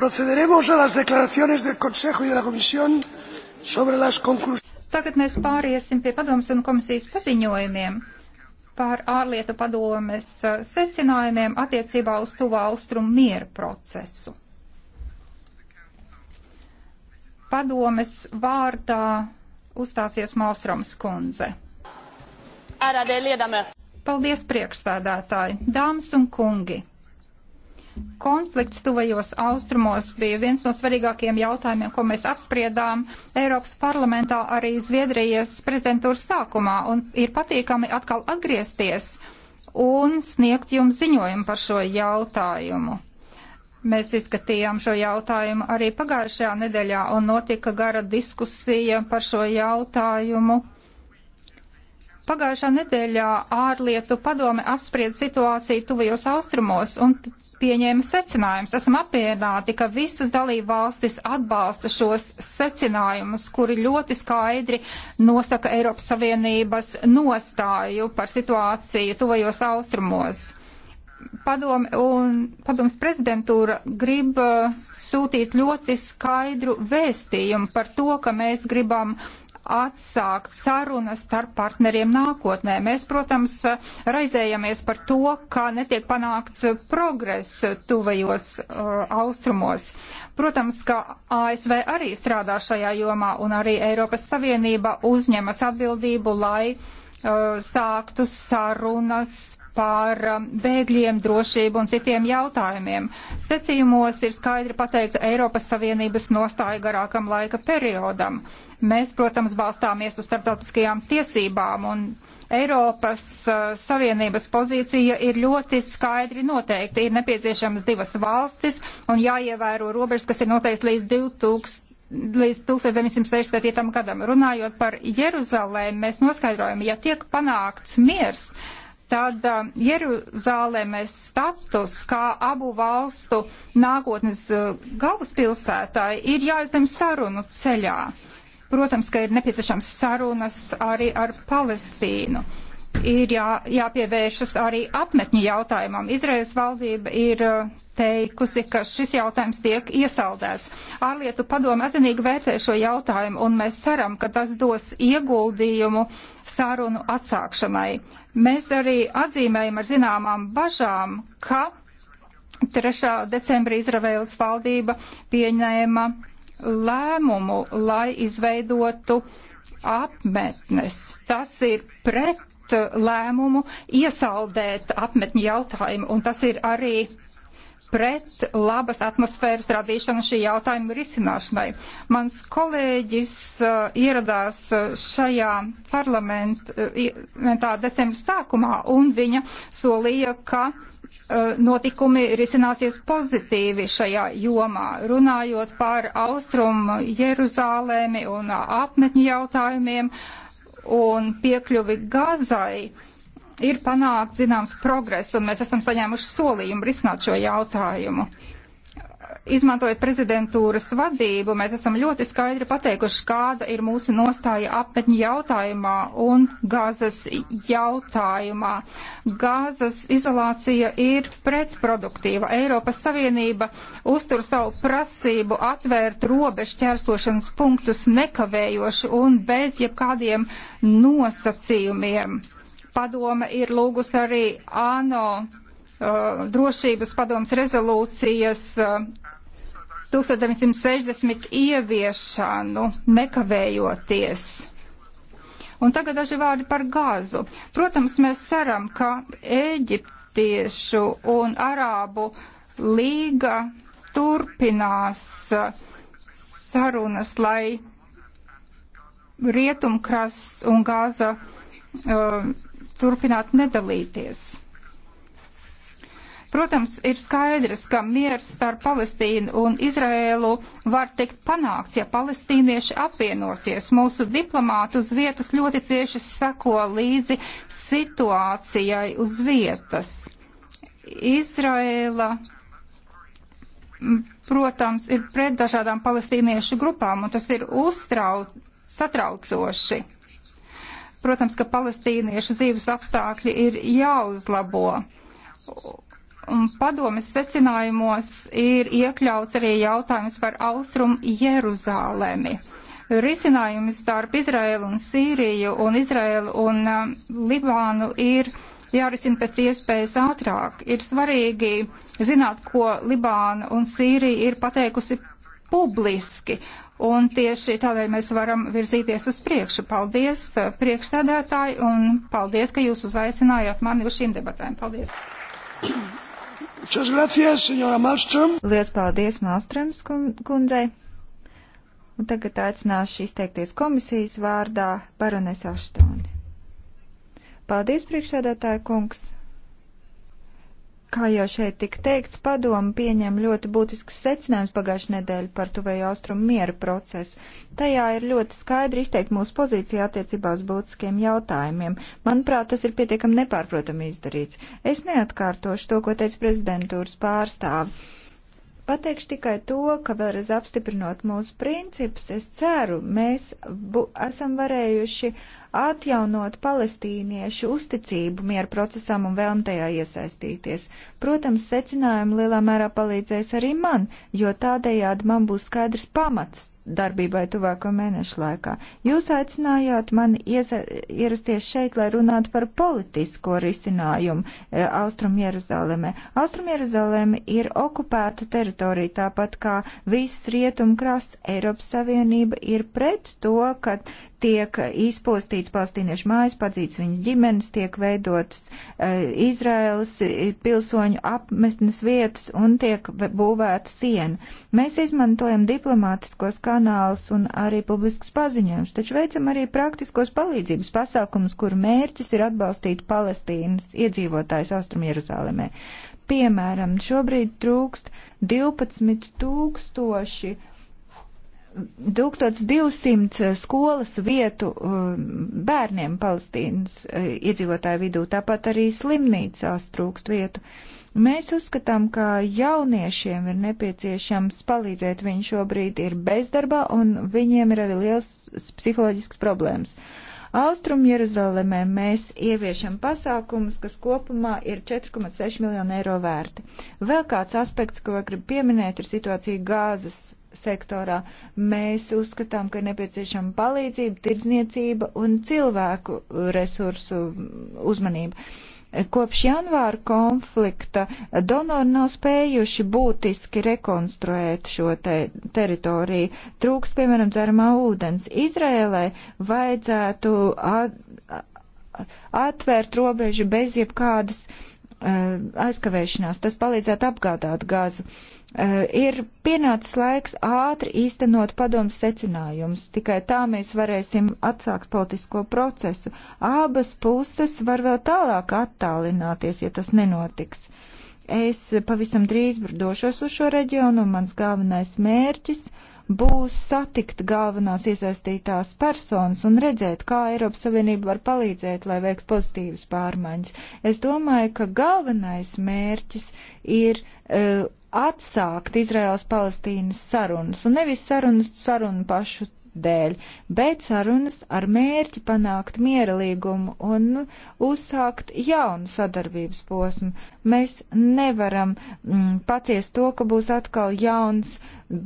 Procederemos a las declaraciones del Consejo y de la Comisión sobre las conclusiones. Tagad mēs pāriesim pie padomas un komisijas paziņojumiem par ārlietu padomes uh, secinājumiem attiecībā uz tuvā austrumu mieru procesu. Padomes vārdā uzstāsies Malstroms kundze. Ārādē liedamē. Paldies priekšstādātāji, dāmas un kungi! Konflikts tuvajos austrumos bija viens no svarīgākajiem jautājumiem, ko mēs apspriedām Eiropas parlamentā arī Zviedrijas prezidentūras sākumā, un ir patīkami atkal atgriezties un sniegt jums ziņojumu par šo jautājumu. Mēs izskatījām šo jautājumu arī pagājušajā nedēļā un notika gara diskusija par šo jautājumu. Pagājušā nedēļā ārlietu padome apspried situāciju tuvajos austrumos un pieņēma secinājumus. Esam apmierināti, ka visas dalība valstis atbalsta šos secinājumus, kuri ļoti skaidri nosaka Eiropas Savienības nostāju par situāciju tuvajos austrumos. Padome un padomas prezidentūra grib uh, sūtīt ļoti skaidru vēstījumu par to, ka mēs gribam atsākt sarunas starp partneriem nākotnē. Mēs, protams, raizējamies par to, ka netiek panākts progress tuvajos uh, austrumos. Protams, ka ASV arī strādā šajā jomā un arī Eiropas Savienība uzņemas atbildību, lai uh, sāktu sarunas par um, bēgļiem, drošību un citiem jautājumiem. Secījumos ir skaidri pateikta Eiropas Savienības nostāja garākam laika periodam. Mēs, protams, balstāmies uz starptautiskajām tiesībām un Eiropas uh, Savienības pozīcija ir ļoti skaidri noteikta. Ir nepieciešamas divas valstis un jāievēro robežas, kas ir noteikts līdz 2000 līdz 1967. gadam. Runājot par Jeruzalēm, mēs noskaidrojam, ja tiek panākts miers, tad uh, Jeruzālēmes status kā abu valstu nākotnes uh, galvaspilsētāji ir jāizdem sarunu ceļā. Protams, ka ir nepieciešams sarunas arī ar Palestīnu ir jā, jāpievēršas arī apmetņu jautājumam. Izraels valdība ir uh, teikusi, ka šis jautājums tiek iesaldēts. Ārlietu padoma atzinīgi vērtē šo jautājumu, un mēs ceram, ka tas dos ieguldījumu sārunu atsākšanai. Mēs arī atzīmējam ar zināmām bažām, ka 3. decembrī Izraels valdība pieņēma lēmumu, lai izveidotu apmetnes. Tas ir pret pieņemt eh, lēmumu iesaldēt apmetņu jautājumu, un tas ir arī pret labas atmosfēras radīšanu šī jautājuma risināšanai. Mans kolēģis uh, ieradās eh, šajā parlamentā decembra sākumā, un viņa solīja, ka uh, notikumi risināsies pozitīvi šajā jomā, runājot par austrumu Jeruzālēmi un apmetņu jautājumiem. Uh, un piekļuvi gazai ir panākt zināms progress, un mēs esam saņēmuši solījumu risināt šo jautājumu. Uh, izmantojot prezidentūras vadību, mēs esam ļoti skaidri pateikuši, kāda ir mūsu nostāja apmetņu jautājumā un gāzes jautājumā. Gāzes izolācija ir pretproduktīva. Eiropas Savienība uztur savu prasību atvērt robežu ķērsošanas punktus nekavējoši un bez jebkādiem nosacījumiem. Padome ir lūgus arī ANO Uh, drošības padomas rezolūcijas 1960 uh, ieviešanu nekavējoties. Un tagad daži vārdi par gāzu. Protams, mēs ceram, ka eģiptiešu un arābu līga turpinās uh, sarunas, lai rietumkrasts un gāza uh, turpinātu nedalīties. Protams, ir skaidrs, ka miers starp Palestīnu un Izraēlu var tikt panākts, ja palestīnieši apvienosies. Mūsu diplomāti uz vietas ļoti cieši sako līdzi situācijai uz vietas. Izraēla, protams, ir pret dažādām palestīniešu grupām, un tas ir uztrauc, satraucoši. Protams, ka palestīniešu dzīves apstākļi ir jāuzlabo un padomes secinājumos ir iekļauts arī jautājums par Austrum Jeruzālemi. Risinājumi starp Izraēlu un Sīriju un Izraēlu un um, Libānu ir jārisina pēc iespējas ātrāk. Ir svarīgi zināt, ko Libāna un Sīrija ir pateikusi publiski. Un tieši tādēļ mēs varam virzīties uz priekšu. Paldies, uh, priekšsēdētāji, un paldies, ka jūs uzaicinājāt mani uz šīm debatēm. Paldies! Lielas paldies Malstrams kundzei. Un tagad aicināšu izteikties komisijas vārdā baronesa Aštoni. Paldies, priekšsēdētāja kungs! Kā jau šeit tika teikts, padomu pieņem ļoti būtisks secinājums pagājušajā nedēļā par tuvēju austrumu miera procesu. Tajā ir ļoti skaidri izteikti mūsu pozīcija attiecībā uz būtiskiem jautājumiem. Manuprāt, tas ir pietiekami nepārprotami izdarīts. Es neatkārtošu to, ko teica prezidentūras pārstāvi. Pateikšu tikai to, ka vēlreiz apstiprinot mūsu principus, es ceru, mēs esam varējuši uh, atjaunot palestīniešu uzticību mieru procesam un vēlm tajā iesaistīties. Protams, secinājumi lielā mērā palīdzēs arī man, jo tādējādi man būs skaidrs pamats darbībai tuvāko mēnešu laikā. Jūs aicinājāt mani ierasties šeit, lai runātu par politisko risinājumu e, Austrum Jeruzalemē. Austrum Jeruzalemē ir okupēta teritorija, tāpat kā viss rietumkrasts Eiropas Savienība ir pret to, ka tiek izpostīts palestīniešu mājas, padzīts viņu ģimenes, tiek veidotas uh, eh, Izraēlas eh, pilsoņu apmetnes vietas un tiek būvēta siena. Mēs izmantojam diplomātiskos kanālus un arī publiskus paziņojumus, taču veicam arī praktiskos palīdzības pasākumus, kuru mērķis ir atbalstīt Palestīnas iedzīvotājus Austrumjeruzalemē. Piemēram, šobrīd trūkst 12 tūkstoši uh, 1200 skolas vietu uh, bērniem Palestīnas uh, iedzīvotāju vidū, tāpat arī slimnīcās trūkst vietu. Mēs uzskatām, ka jauniešiem ir nepieciešams palīdzēt, viņi šobrīd ir bezdarbā un viņiem ir arī liels psiholoģisks problēmas. Austrum Jeruzalemē mēs ieviešam pasākumus, kas kopumā ir 4,6 miljonu eiro vērti. Vēl kāds aspekts, ko gribu pieminēt, ir situācija gāzes sektorā. Mēs uzskatām, ka ir nepieciešama palīdzība, tirdzniecība un cilvēku resursu uzmanība. Kopš janvāra konflikta donori nav spējuši būtiski rekonstruēt šo te teritoriju. Trūks, piemēram, dzeramā ūdens. Izrēlē vajadzētu atvērt robežu bez jebkādas uh, aizkavēšanās. Tas palīdzētu apgādāt gāzu. Uh, Eh, ir pienācis laiks ātri īstenot padomus secinājumus. Tikai tā mēs varēsim atsākt politisko procesu. Abas puses var vēl tālāk attālināties, ja tas nenotiks. Es pavisam drīz došos uz šo reģionu, un mans galvenais mērķis būs satikt galvenās iesaistītās personas un redzēt, kā Eiropas Savienība var palīdzēt, lai veikt pozitīvas pārmaiņas. Es domāju, ka galvenais mērķis ir uh, atsākt Izraels-Palestīnas sarunas un nevis sarunas sarunu pašu dēļ, bet sarunas ar mērķi panākt miera līgumu un uzsākt jaunu sadarbības posmu. Mēs nevaram mm, paciest to, ka būs atkal jauns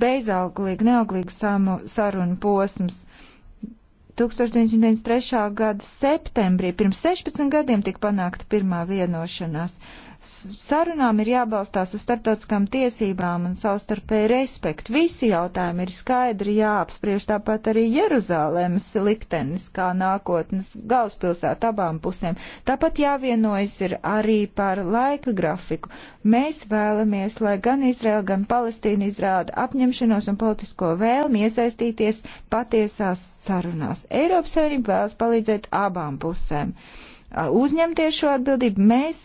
bezauglīgi, neauglīgi samu, sarunu posms. 1993. gada septembrī, pirms 16 gadiem, tika panākta pirmā vienošanās. Uh, sarunām ir jābalstās uz starptautiskām tiesībām un savstarpēju respektu. Visi jautājumi ir skaidri jāapspriež, tāpat arī Jeruzalemes liktenis kā nākotnes galvaspilsēta abām pusēm. Tāpat jāvienojas ir arī par laika grafiku. Mēs vēlamies, lai gan Izraela, gan Palestīna izrāda apņemšanos un politisko vēlmi iesaistīties patiesās sarunās. Eiropas Savienība vēlas palīdzēt abām pusēm uzņemties šo atbildību, mēs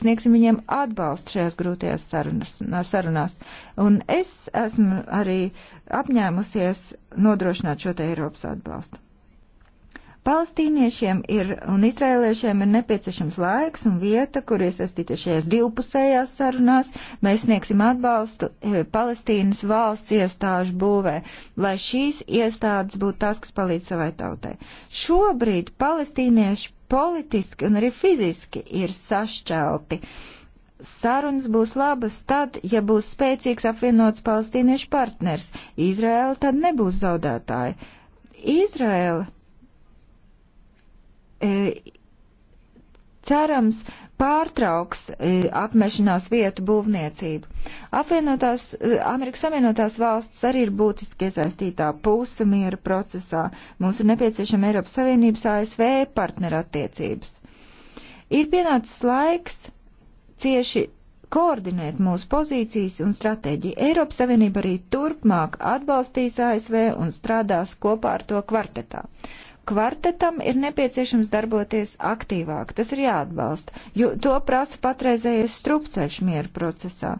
sniegsim viņiem atbalstu šajās grūtajās sarunas, sarunās. Un es esmu arī apņēmusies nodrošināt šo te Eiropas atbalstu. Palestīniešiem ir, un izrēliešiem ir nepieciešams laiks un vieta, kur iesaistīties šajās divpusējās sarunās. Mēs sniegsim atbalstu eh, Palestīnas valsts iestāžu būvē, lai šīs iestādes būtu tās, kas palīdz savai tautai. Šobrīd palestīnieši politiski un arī fiziski ir sašķelti. Sarunas būs labas tad, ja būs spēcīgs apvienots palestīniešu partners. Izraela tad nebūs zaudētāja. Izraela E, cerams pārtrauks e, apmešanās vietu būvniecību. Apvienotās, e, Amerikas Savienotās valsts arī ir būtiski iesaistītā puse miera procesā. Mums ir nepieciešama Eiropas Savienības ASV partnerattiecības. Ir pienācis laiks cieši koordinēt mūsu pozīcijas un stratēģiju. Eiropas Savienība arī turpmāk atbalstīs ASV un strādās kopā ar to kvartetā. Kvartetam ir nepieciešams darboties aktīvāk, tas ir jāatbalsta, jo to prasa patreizējais strupceļš miera procesā.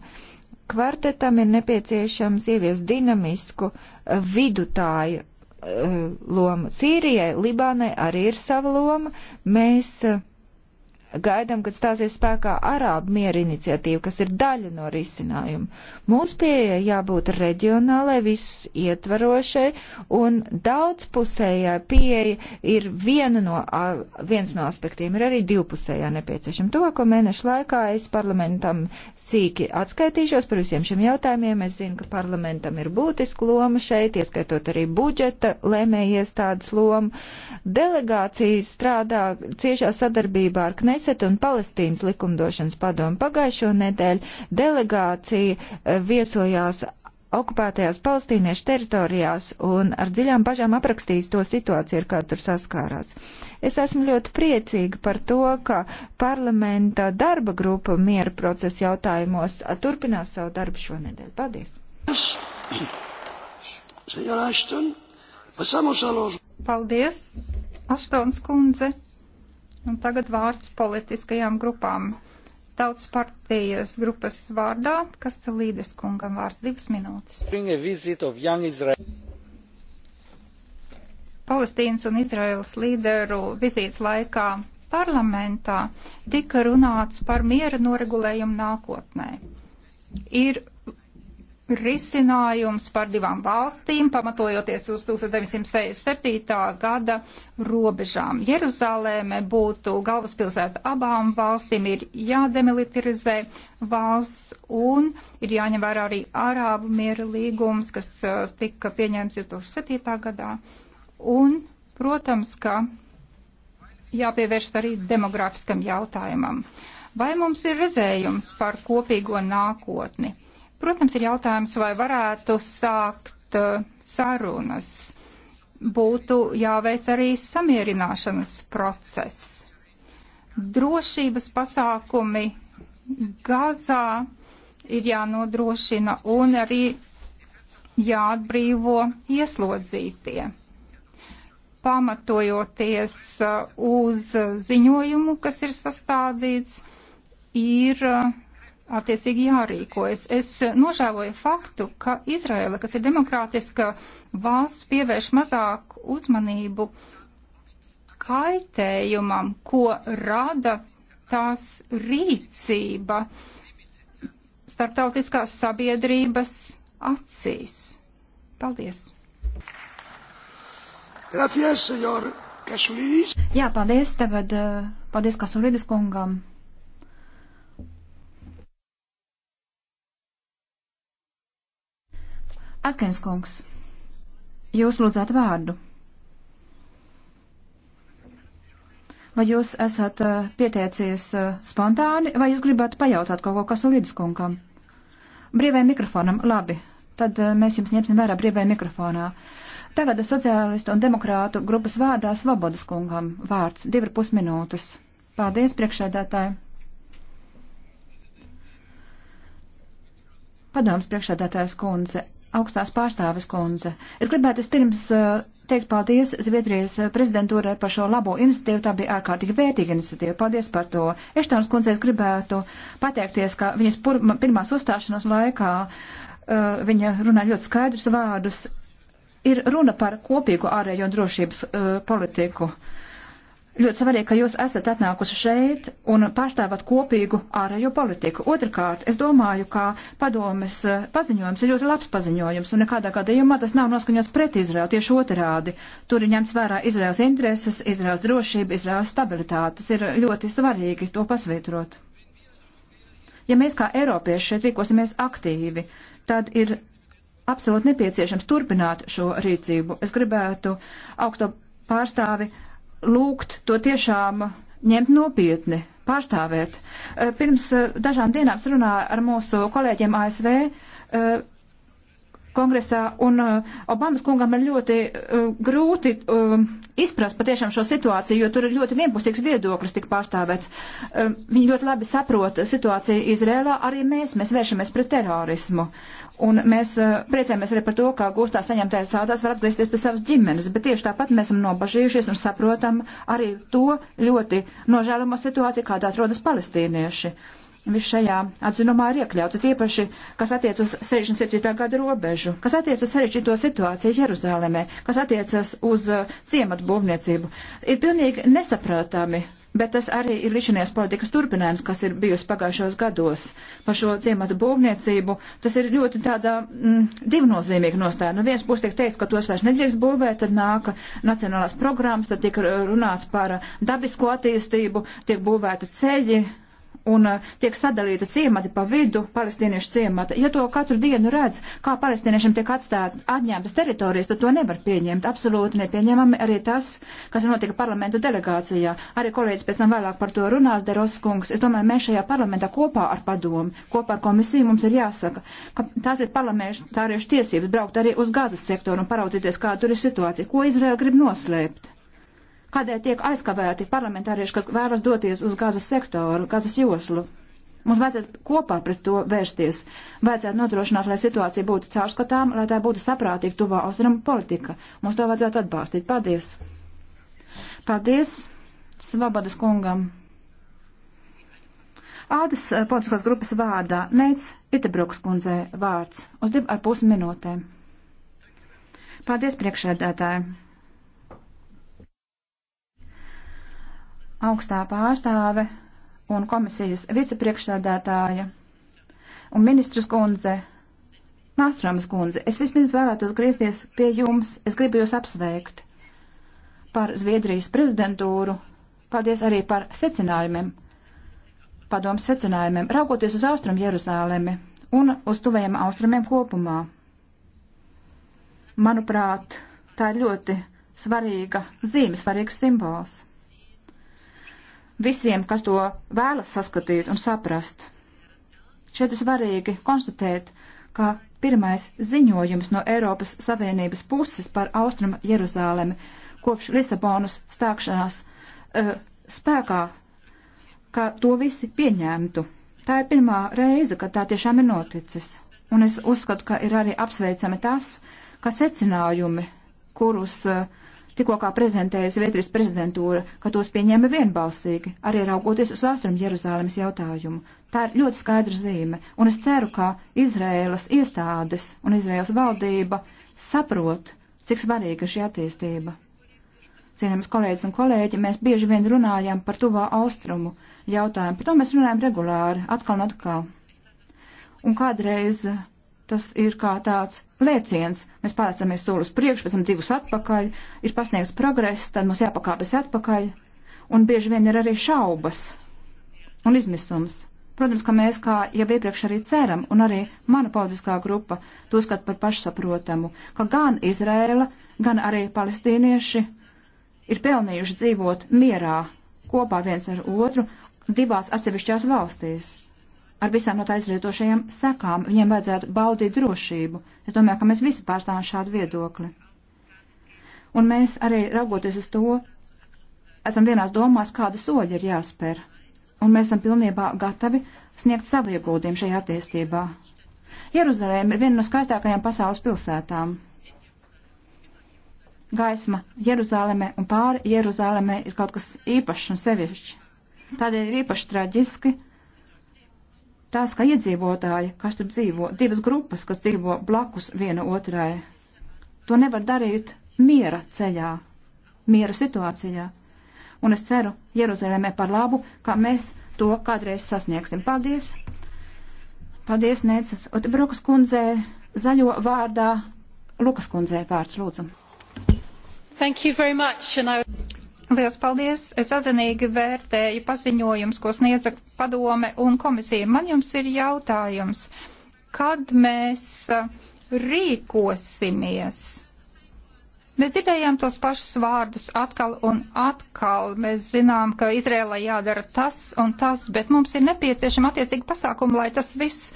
Kvartetam ir nepieciešams ievies dinamisku eh, vidutāju eh, lomu. Sīrijai, Libānai arī ir sava loma. Mēs uh, Gaidām, kad stāsies spēkā Arābu miera iniciatīva, kas ir daļa no risinājuma. Mūsu pieeja jābūt reģionālai, visus ietvarošai un daudzpusējā pieeja ir viena no, viens no aspektiem, ir arī divpusējā nepieciešama. To, ko mēnešu laikā es parlamentam sīki atskaitīšos par visiem šiem jautājumiem, es zinu, ka parlamentam ir būtiska loma šeit, ieskaitot arī budžeta lēmējies tādas loma. Delegācijas strādā ciešā sadarbībā ar Knes Kneseta un Palestīnas likumdošanas padomu pagājušo nedēļu delegācija eh, viesojās okupētajās palestīniešu teritorijās un ar dziļām bažām aprakstījis to situāciju, ar kādu tur saskārās. Es esmu ļoti priecīga par to, ka parlamenta darba grupa miera procesa jautājumos eh, turpinās savu darbu šonedēļ. Paldies! Paldies, Aštons kundze! Un tagad vārds politiskajām grupām. Tautas partijas grupas vārdā, kas te līdes kungam vārds divas minūtes. Palestīnas un Izraels līderu vizītes laikā parlamentā tika runāts par miera noregulējumu nākotnē. Ir risinājums par divām valstīm, pamatojoties uz 1967. gada robežām. Jeruzalēme būtu galvaspilsēta abām valstīm, ir jādemilitarizē valsts un ir jāņem vērā arī Arābu miera līgums, kas uh, tika pieņemts 2007. gadā. Un, protams, ka jāpievērst arī demografiskam jautājumam. Vai mums ir redzējums par kopīgo nākotni? Protams, ir jautājums, vai varētu sākt uh, sarunas. Būtu jāveic arī samierināšanas process. Drošības pasākumi Gazā ir jānodrošina un arī jāatbrīvo ieslodzītie. Pamatojoties uh, uz ziņojumu, kas ir sastādīts, ir uh, attiecīgi jārīkojas. Es nožēloju faktu, ka Izraela, kas ir demokrātiska valsts, pievērš mazāku uzmanību kaitējumam, ko rada tās rīcība starptautiskās sabiedrības acīs. Paldies! Gracias, senor Kasulīdis. Jā, paldies, tagad eh, paldies Kasulīdis kungam. Akenskungs, jūs lūdzāt vārdu. Vai jūs esat eh, pieteicies eh, spontāni, vai jūs gribat pajautāt kaut ko Kasulīdis kungam? Brīvajam mikrofonam, labi. Tad eh, mēs jums ņemsim vērā brīvajā mikrofonā. Tagad sociālistu un demokrātu grupas vārdā Svobodas kungam vārds divi pus minūtes. Paldies, priekšēdētāji. Padoms priekšēdētājas kundze, augstās pārstāves kundze. Es gribētu vispirms uh, teikt paldies Zviedrijas uh, prezidentūrai par šo labo iniciatīvu. Tā bija ārkārtīgi vērtīga iniciatīva. Paldies par to. Eštāns kundze, es gribētu pateikties, ka viņas pirmās uzstāšanās laikā uh, viņa runā ļoti skaidrus vārdus. Ir runa par kopīgu ārējo un drošības politiku. Uh, ļoti svarīgi, ka jūs esat atnākusi šeit un pārstāvat kopīgu ārējo politiku. Otrakārt, es domāju, ka padomes eh, paziņojums ir ļoti labs paziņojums, un nekādā gadījumā tas nav noskaņots pret Izraelu, tieši otrādi. Tur ir ņemts vērā Izraels intereses, Izraels drošība, Izraels stabilitāte. Tas ir ļoti svarīgi to pasvītrot. Ja mēs kā Eiropieši šeit rīkosimies aktīvi, tad ir absolūti nepieciešams turpināt šo rīcību. Es gribētu augsto pārstāvi lūgt to tiešām ņemt nopietni, pārstāvēt. Eh, pirms eh, dažām dienām runāju ar mūsu kolēģiem ASV eh, kongresā, un uh, Obamas kungam ir ļoti uh, grūti uh, izprast patiešām šo situāciju, jo tur ir ļoti vienpusīgs viedoklis tik pārstāvēts. Uh, viņi ļoti labi saprot situāciju Izrēlā, arī mēs, mēs vēršamies pret terorismu. Un mēs uh, priecājamies arī par to, ka gūstā saņemtais sādās var atgriezties pie savas ģimenes, bet tieši tāpat mēs esam nobažījušies un saprotam arī to ļoti nožēlamo situāciju, kādā atrodas palestīnieši. Uh, Viss šajā atzinumā ir iekļauts, tiepaši, kas attiec uz 67. gada robežu, kas attiec uz sarežģīto situāciju Jeruzalemē, kas attiecas uz uh, ciematu būvniecību. Ir pilnīgi nesaprātami, bet tas arī ir lišanās politikas turpinājums, kas ir bijusi pagājušos gados par šo ciematu būvniecību. Tas ir ļoti tādā mm, divnozīmīga nostāja. No nu, vienas puses tiek teiks, ka tos vairs nedrīkst būvēt, tad nāk nacionālās programmas, tad tiek runāts par dabisko attīstību, tiek būvēta ceļi un eh, tiek sadalīta ciemati pa vidu palestīniešu ciemata. Ja to katru dienu redz, kā palestīniešiem tiek atstāt atņemtas teritorijas, tad to nevar pieņemt. Absolūti nepieņemami arī tas, kas notika parlamenta delegācijā. Arī kolēģis pēc tam vēlāk par to runās, Deros kungs. Es domāju, mēs šajā parlamentā kopā ar padomu, kopā ar komisiju mums ir jāsaka, ka tās ir parlamentāriešu tiesības braukt arī uz gazas sektoru un paraudzīties, kā tur ir situācija, ko Izraela grib noslēpt kādēļ tiek aizkavēti parlamentārieši, kas vēlas doties uz gazas sektoru, gazas joslu. Mums vajadzētu kopā pret to vērsties. Vajadzētu nodrošināt, lai situācija būtu caurskatām, lai tā būtu saprātīga tuvā austrumu politika. Mums to vajadzētu atbalstīt. Paldies! Paldies Svabadas kungam! Ādas eh, politiskās grupas vārdā Neits Pitebruks kundzē vārds uz divu ar pus minūtēm. Paldies priekšēdētājiem! augstā pārstāve un komisijas vicepriekšsādātāja un ministras kundze, Māstrāmas kundze, es vispirms vēlētos griezties pie jums, es gribu jūs apsveikt par Zviedrijas prezidentūru, paldies arī par secinājumiem, padomu secinājumiem, raugoties uz Austrum Jeruzālemi un uz tuvējiem austrumiem kopumā. Manuprāt, tā ir ļoti svarīga zīme, svarīgs simbols visiem, kas to vēlas saskatīt un saprast. Šeit ir svarīgi konstatēt, ka pirmais ziņojums no Eiropas Savienības puses par Austrumu Jeruzālemi kopš Lisabonas stākšanās uh, spēkā, ka to visi pieņemtu. Tā ir pirmā reize, kad tā tiešām ir noticis. Un es uzskatu, ka ir arī apsveicami tas, ka secinājumi, kurus uh, tikko kā prezentēja Zviedrijas prezidentūra, ka tos pieņēma vienbalsīgi, arī raugoties uz Austrumu Jeruzālēmas jautājumu. Tā ir ļoti skaidra zīme, un es ceru, ka Izraēlas iestādes un Izraēlas valdība saprot, cik svarīga ir šī attīstība. Cienījams kolēģis un kolēģi, mēs bieži vien runājam par tuvā austrumu jautājumu, par to mēs runājam regulāri, atkal un atkal. Un kādreiz uh, tas ir kā tāds lēciens. Mēs pārcēmies soli uz priekšu, pēc tam divus atpakaļ, ir pasniegts progress, tad mums jāpakāpjas atpakaļ, un bieži vien ir arī šaubas un izmisums. Protams, ka mēs, kā jau iepriekš arī ceram, un arī mana politiskā grupa to skat par pašsaprotamu, ka gan Izrēla, gan arī palestīnieši ir pelnījuši dzīvot mierā kopā viens ar otru divās atsevišķās valstīs ar visām no tā izrietošajām sekām. Viņiem vajadzētu baudīt drošību. Es domāju, ka mēs visi pārstāvam šādu viedokli. Un mēs arī raugoties uz to, esam vienās domās, kāda soļa ir jāspēr. Un mēs esam pilnībā gatavi sniegt savu ieguldījumu šajā attīstībā. Jeruzalēma ir viena no skaistākajām pasaules pilsētām. Gaisma Jeruzālēmē un pāri Jeruzālēmē ir kaut kas īpašs un sevišķs. Tādēļ ir īpaši traģiski, tās kā iedzīvotāji, kas tur dzīvo, divas grupas, kas dzīvo blakus viena otrai. To nevar darīt miera ceļā, miera situācijā. Un es ceru Jeruzalemē par labu, ka mēs to kādreiz sasniegsim. Paldies! Paldies, Nēcas Otebrukas kundzē, zaļo vārdā, Lukas kundzē vārds, lūdzu. Thank you very much. And I... Liels paldies! Es atzinīgi vērtēju paziņojums, ko sniedza padome un komisija. Man jums ir jautājums, kad mēs rīkosimies? Mēs dzirdējām tos pašus vārdus atkal un atkal. Mēs zinām, ka Izrēlā jādara tas un tas, bet mums ir nepieciešama attiecīga pasākuma, lai tas viss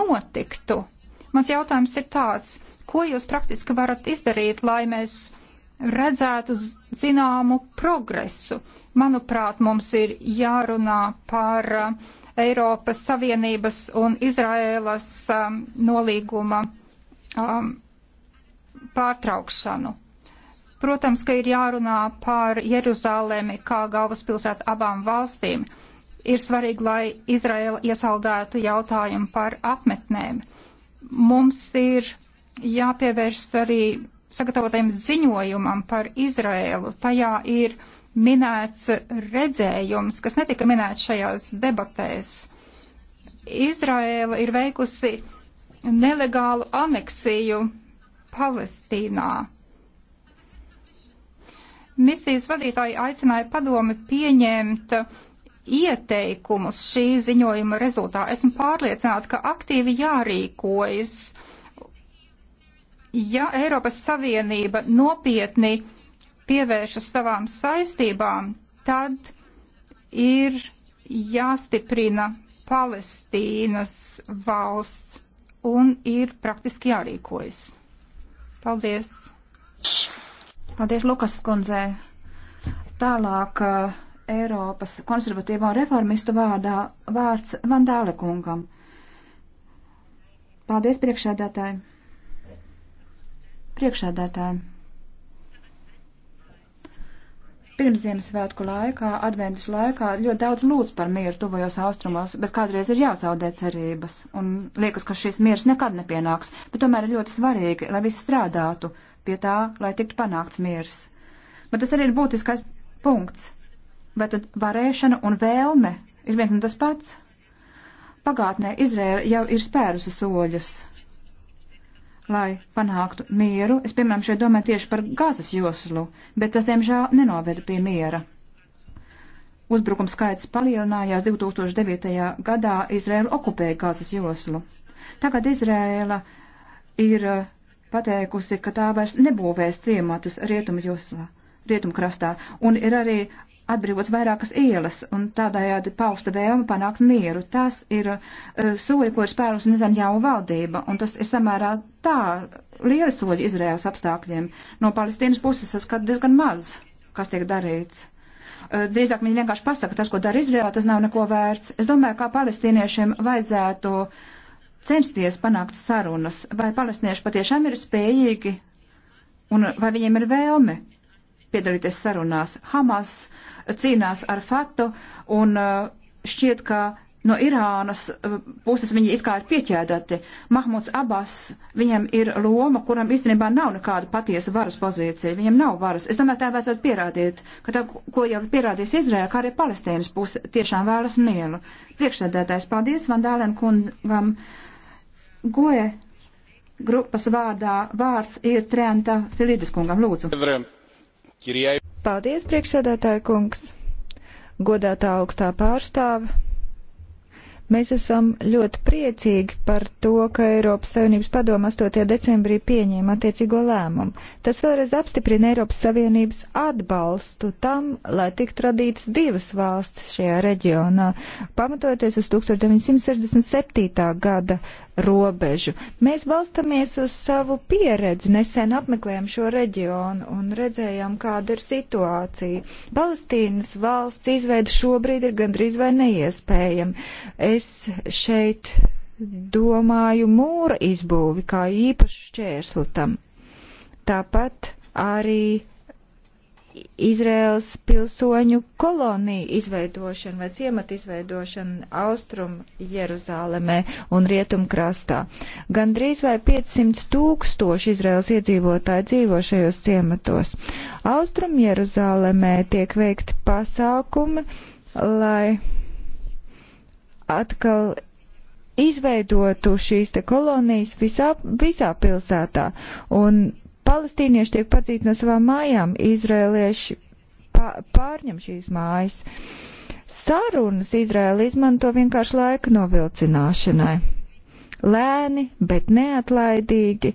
notiktu. Mans jautājums ir tāds, ko jūs praktiski varat izdarīt, lai mēs redzētu zināmu progresu. Manuprāt, mums ir jārunā par uh, Eiropas Savienības un Izraēlas um, nolīguma um, pārtraukšanu. Protams, ka ir jārunā par Jeruzālēmi kā galvaspilsētu abām valstīm. Ir svarīgi, lai Izraela iesaldētu jautājumu par apmetnēm. Mums ir jāpievēršas arī sagatavotajam ziņojumam par Izraēlu. Tajā ir minēts redzējums, kas netika minēts šajās debatēs. Izraēla ir veikusi nelegālu aneksiju Palestīnā. Misijas vadītāji aicināja padomi pieņemt ieteikumus šī ziņojuma rezultātā. Esmu pārliecināta, ka aktīvi jārīkojas Ja Eiropas Savienība nopietni pievēršas savām saistībām, tad ir jāstiprina Palestīnas valsts un ir praktiski jārīkojas. Paldies! Paldies, Lukas kundzē! Tālāk uh, Eiropas konservatīvā reformistu vārdā vārds Vandāle kungam. Paldies priekšādātāji! Priekšādātājiem. Pirms Ziemassvētku laikā, adventas laikā, ļoti daudz lūdz par mieru tuvajos austrumos, bet kādreiz ir jāzaudē cerības. Un liekas, ka šis miers nekad nepienāks, bet tomēr ir ļoti svarīgi, lai visi strādātu pie tā, lai tiktu panākts miers. Bet tas arī ir būtiskais punkts. Vai tad varēšana un vēlme ir viens un tas pats? Pagātnē Izrēla jau ir spērusi soļus lai panāktu mieru. Es, piemēram, šeit domāju tieši par gazas joslu, bet tas, diemžēl, nenoveda pie miera. Uzbrukums skaits palielinājās 2009. gadā, Izraela okupēja gazas joslu. Tagad Izraela ir eh, pateikusi, ka tā vairs nebūvēs ciematus rietumu joslā, rietumkrastā, un ir arī atbrīvots vairākas ielas un tādējādi pausta vēlme panākt mieru. Tas ir uh, soļi, ko ir spērus Netanjahu valdība, un tas ir samērā tā lieli soļi Izraels apstākļiem. No Palestīnas puses es skatu diezgan maz, kas tiek darīts. Uh, drīzāk viņi vienkārši pasaka, tas, ko dara Izraela, tas nav neko vērts. Es domāju, kā palestīniešiem vajadzētu censties panākt sarunas, vai palestīnieši patiešām ir spējīgi un vai viņiem ir vēlme piedalīties sarunās. Hamas cīnās ar Fatu un uh, šķiet, ka no Irānas uh, puses viņi it kā ir pieķēdati. Mahmuds Abbas, viņam ir loma, kuram īstenībā nav nekāda patiesa varas pozīcija. Viņam nav varas. Es domāju, tā vajadzētu pierādīt, ka tā, ko jau pierādīs Izraēla, kā arī Palestīnas puse tiešām vēlas mieru. Priekšsēdētājs, paldies Vandālen kungam. Goe grupas vārdā vārds ir Trenta Filides kungam. Lūdzu. Izrēm. Paldies, priekšsēdētāja kungs, godātā augstā pārstāve. Mēs esam ļoti priecīgi par to, ka Eiropas Savienības padoma 8. decembrī pieņēma attiecīgo lēmumu. Tas vēlreiz apstiprina Eiropas Savienības atbalstu tam, lai tiktu radītas divas valstis šajā reģionā, pamatojoties uz 1967. gada robežu. Mēs balstamies uz savu pieredzi, nesen apmeklējām šo reģionu un redzējām, kāda ir situācija. Palestīnas valsts izveida šobrīd ir gandrīz vai neiespējama. Es šeit domāju mūra izbūvi kā īpašu šķērsli tam. Tāpat arī Izraels pilsoņu koloniju izveidošanu vai ciematu izveidošanu austrum Jeruzālemē un rietum krastā. Gan drīz vai 500 tūkstoši Izraels iedzīvotāji dzīvo šajos ciematos. Austrum Jeruzālemē tiek veikti pasākumi, lai atkal izveidotu šīs te kolonijas visā, visā pilsētā. Un Palestīnieši tiek padzīti no savām mājām, izrēlieši pārņem šīs mājas. Sarunas Izrēla izmanto vienkārši laika novilcināšanai. Lēni, bet neatlaidīgi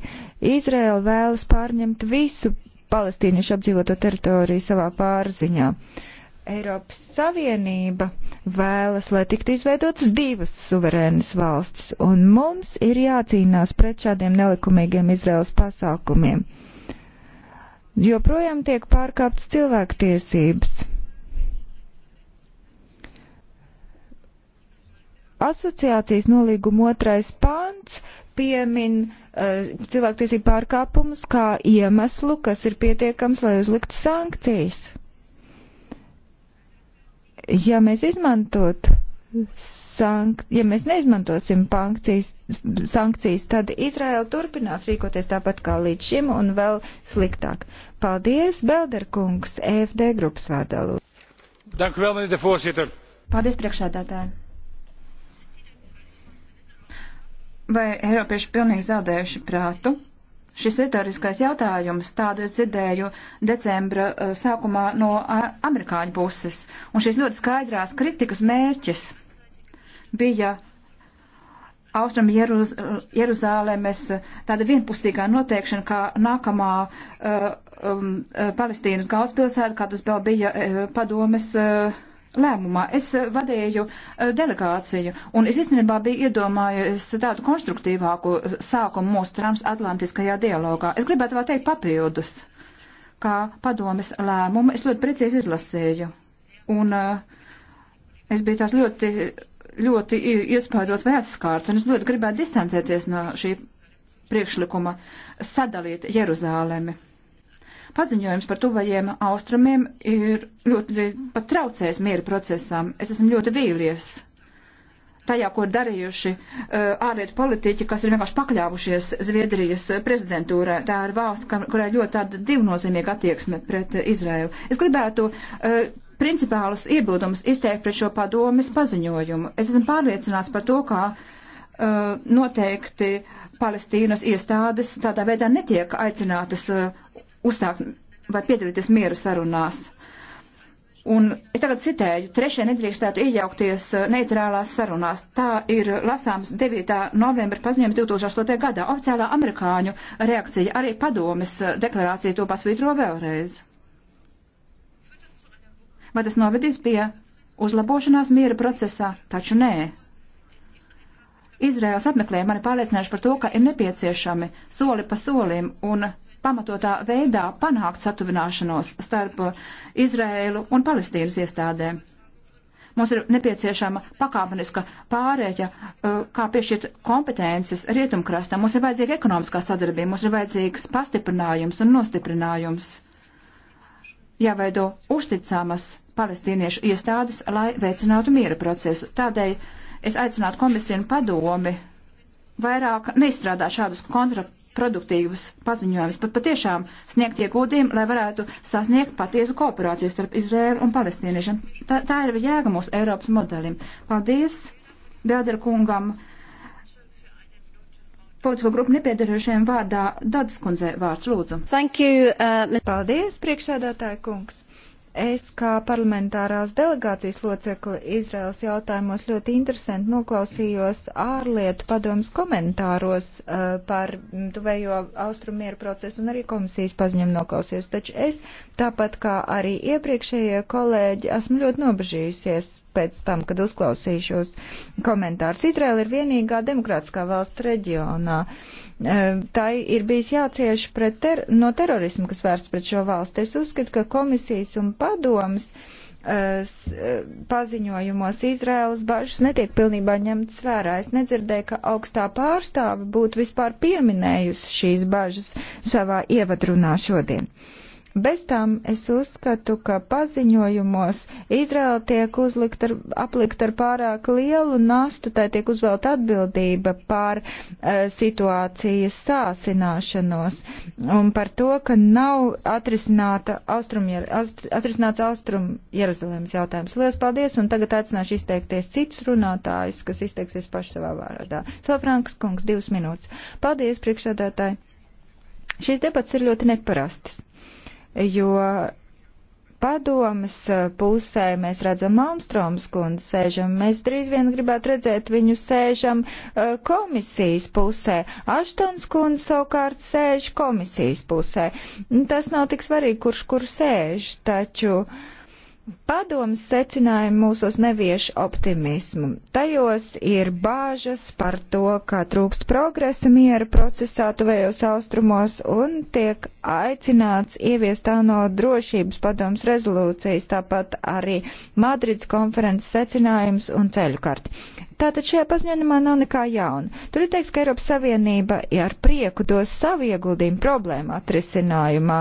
Izrēla vēlas pārņemt visu palestīniešu apdzīvoto teritoriju savā pārziņā. Uh, Eiropas Savienība vēlas, lai tiktu izveidotas divas suverēnas valstis, un mums ir jācīnās pret šādiem nelikumīgiem Izraels pasākumiem. Joprojām tiek pārkāptas cilvēktiesības. Asociācijas nolīguma otrais pants piemin uh, cilvēktiesību pārkāpumus kā iemeslu, kas ir pietiekams, lai uzliktu sankcijas. Ja mēs izmantot sank, ja mēs neizmantosim pankcijas, sankcijas, tad Izraela turpinās rīkoties tāpat kā līdz šim un vēl sliktāk. Paldies, Belderkungs, EFD grupas vārdalu. Dank u wel, meneer de voorzitter. Paldies, priekšsēdētāji. Vai Eiropieši pilnīgi zaudējuši prātu? Šis retoriskais jautājums tādu es dzirdēju decembra eh, sākumā no amerikāņu puses. Un šīs ļoti skaidrās kritikas mērķis bija Austram Jeruz eh, Jeruzālēmes eh, tāda vienpusīgā noteikšana, kā nākamā uh, um, Palestīnas galvaspilsēta, kā tas vēl bija uh, padomes. Uh, lēmumā. Es eh, vadīju eh, delegāciju, un es īstenībā biju iedomājies tādu konstruktīvāku eh, sākumu mūsu transatlantiskajā dialogā. Es gribētu vēl teikt papildus, kā padomis lēmumu es ļoti precīzi izlasēju. Un es biju tās ļoti, ļoti iespējos vai aizskārts, un es ļoti gribētu distancēties no šī priekšlikuma sadalīt Jeruzālemi. Paziņojums par tuvajiem austrumiem ir ļoti pat traucējis miera procesam. Es esmu ļoti vīlies tajā, ko ir darījuši uh, ārlietu politiķi, kas ir vienkārši pakļāvušies Zviedrijas prezidentūrā. Tā ir valsts, kurai ļoti tāda divnozīmīga attieksme pret Izraelu. Es gribētu uh, principālus iebildumus izteikt pret šo padomis paziņojumu. Es esmu pārliecināts par to, kā uh, noteikti Palestīnas iestādes tādā veidā netiek aicinātas uh, uzsākt vai piedalīties miera sarunās. Un es tagad citēju, trešie nedrīkstētu iejaukties eh, neitrālās sarunās. Tā ir lasāms 9. novembra paziņojums 2008. gadā. Oficiālā amerikāņu reakcija arī padomes eh, deklarācija to pasvītro vēlreiz. Vai tas novedīs pie uzlabošanās miera procesā? Taču nē. Izraels apmeklējumi mani pārliecinājuši par to, ka ir nepieciešami soli pa solim un pamatotā veidā panākt satuvināšanos starp Izrēlu un Palestīnas iestādēm. Mums ir nepieciešama pakāpeniska pārēķa, uh, kā piešķirt kompetences rietumkrastam. Mums ir vajadzīga ekonomiskā sadarbība, mums ir vajadzīgs pastiprinājums un nostiprinājums. Jāveido uzticamas palestīniešu iestādes, lai veicinātu miera procesu. Tādēļ es aicinātu komisiju un padomi vairāk neizstrādāt šādus kontra produktīvus paziņojumus, pat patiešām sniegt iegūdījumu, lai varētu sasniegt patiesu kooperāciju starp Izrēlu un palestīniešiem. Tā, tā ir jēga mūsu Eiropas modelim. Paldies Bēdera kungam. Politisko grupu nepiedarošajiem vārdā Dadas kundzei vārds lūdzu. Thank you, uh, Paldies, priekšsēdētāja kungs. Es kā parlamentārās delegācijas locekli Izraels jautājumos ļoti interesanti noklausījos ārlietu padomus komentāros uh, par tuvējo austrumieru procesu un arī komisijas paziņojumu noklausījos. Taču es, tāpat kā arī iepriekšējie kolēģi, esmu ļoti nobežījusies pēc tam, kad uzklausīšos komentārus. Izraela ir vienīgā demokrātiskā valsts reģionā. Uh, Eh, tai ir bijis jācieš ter no terorismu, kas vērsts pret šo valsti. Es uzskatu, ka komisijas un padomas eh, eh, paziņojumos Izraēlas bažas netiek pilnībā ņemtas vērā. Es nedzirdēju, ka augstā pārstāve būtu vispār pieminējusi šīs bažas savā ievadrunā šodien. Uh, Bez tam es uzskatu, ka paziņojumos Izraela tiek uzlikt ar, aplikt ar pārāk lielu nastu, tai tiek uzvelt atbildība pār e, eh, situācijas sāsināšanos un par to, ka nav atrisināta austrum, atrisināts austrum Jeruzalemes jautājums. Lielas paldies un tagad aicināšu izteikties citus runātājus, kas izteiksies paši savā vārdā. Salfrankas kungs, divas minūtes. Paldies, priekšsēdētāji. Šīs debats ir ļoti neparastas jo padomas eh, pusē mēs redzam Malmstroms kundzi sēžam. Mēs drīz vien gribētu redzēt viņu sēžam eh, komisijas pusē. Aštons kundze savukārt sēž komisijas pusē. Tas nav tik svarīgi, kurš kur sēž, taču. Uh, Padoms secinājumi mūsos nevieš optimismu. Tajos ir bāžas par to, kā trūkst progresa miera procesā tuvējos austrumos un tiek aicināts ieviest ANO drošības padoms rezolūcijas, tāpat arī Madrids konferences secinājums un ceļu karti. Tātad šajā paziņojumā nav nekā jauna. Tur ir teiks, ka Eiropas Savienība ar prieku dos savu ieguldījumu problēmu atrisinājumā.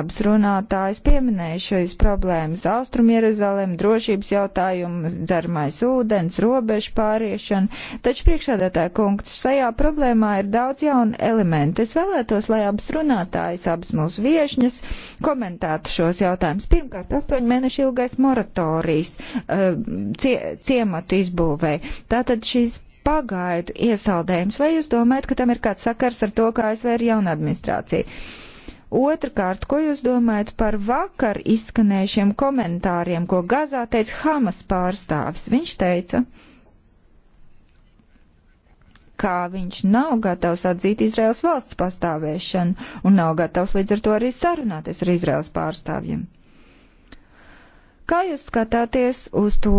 Abas runātājas pieminēja šīs problēmas - Austrumjeruzalem, drošības jautājumu, dzermais ūdens, robežu pāriešana. Taču priekšādātāja kungs, šajā problēmā ir daudz jaunu elementu. Es vēlētos, lai abas runātājas, abas mūsu viešņas komentētu šos jautājumus. Pirmkārt, astoņu mēnešu ilgais moratorijas eh, cie, ciematu izbūvē. Tātad šīs pagaidu iesaldējums, vai jūs domājat, ka tam ir kāds sakars ar to, kā ASV ir jauna administrācija? Otrakārt, ko jūs domājat par vakar izskanējušiem komentāriem, ko Gazā teica Hamas pārstāvis? Viņš teica, kā viņš nav gatavs atzīt Izraels valsts pastāvēšanu un nav gatavs līdz ar to arī sarunāties ar Izraels pārstāvjiem. Kā jūs skatāties uz to,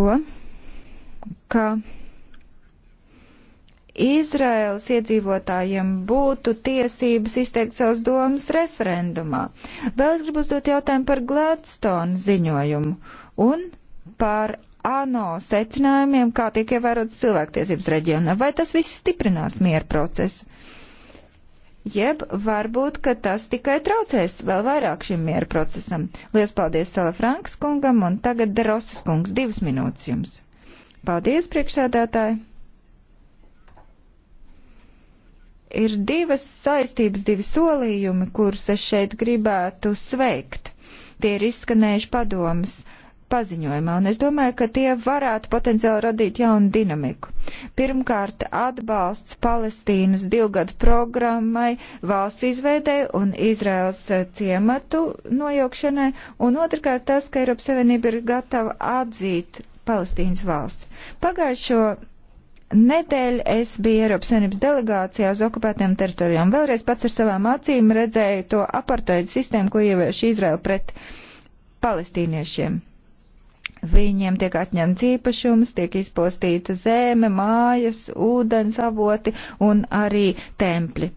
ka Izraēlas iedzīvotājiem būtu tiesības izteikt savas domas referendumā. Vēl es gribu uzdot jautājumu par Gladstone ziņojumu un par ANO secinājumiem, kā tiek ievērotas cilvēktiesības reģionā. Vai tas viss stiprinās mieru procesu? Jeb varbūt, ka tas tikai traucēs vēl vairāk šim mieru procesam. Lielas paldies Sala Frankas kungam un tagad Derosas kungs divas minūtes jums. Paldies, priekšsēdētāji! Ir divas saistības, divi solījumi, kurus es šeit gribētu sveikt. Tie ir izskanējuši padomas paziņojumā, un es domāju, ka tie varētu potenciāli radīt jaunu dinamiku. Pirmkārt, atbalsts Palestīnas divgadu programmai, valsts izveidei un Izraels eh, ciematu nojaukšanai, un otrkārt tas, ka Eiropas Savienība ir gatava atzīt Palestīnas valsts. Pagājušo Nedēļ es biju Eiropas Savienības delegācijā uz okupētiem teritorijām. Vēlreiz pats ar savām acīm redzēju to apartoidu sistēmu, ko ievieš Izraela pret palestīniešiem. Viņiem tiek atņemts īpašums, tiek izpostīta zeme, mājas, ūdens avoti un arī templi.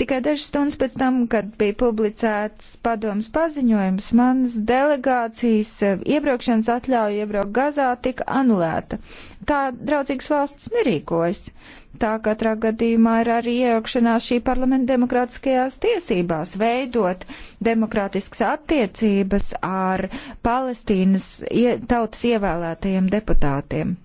Tikai dažas stundas pēc tam, kad bija publicēts padomas paziņojums, manas delegācijas eh, iebraukšanas atļauja iebraukt Gazā tika anulēta. Tā draudzīgas valsts nerīkojas. Tā katrā gadījumā ir arī iejaukšanās šī parlamenta demokrātiskajās tiesībās veidot demokrātiskas attiecības ar Palestīnas tautas ievēlētajiem deputātiem.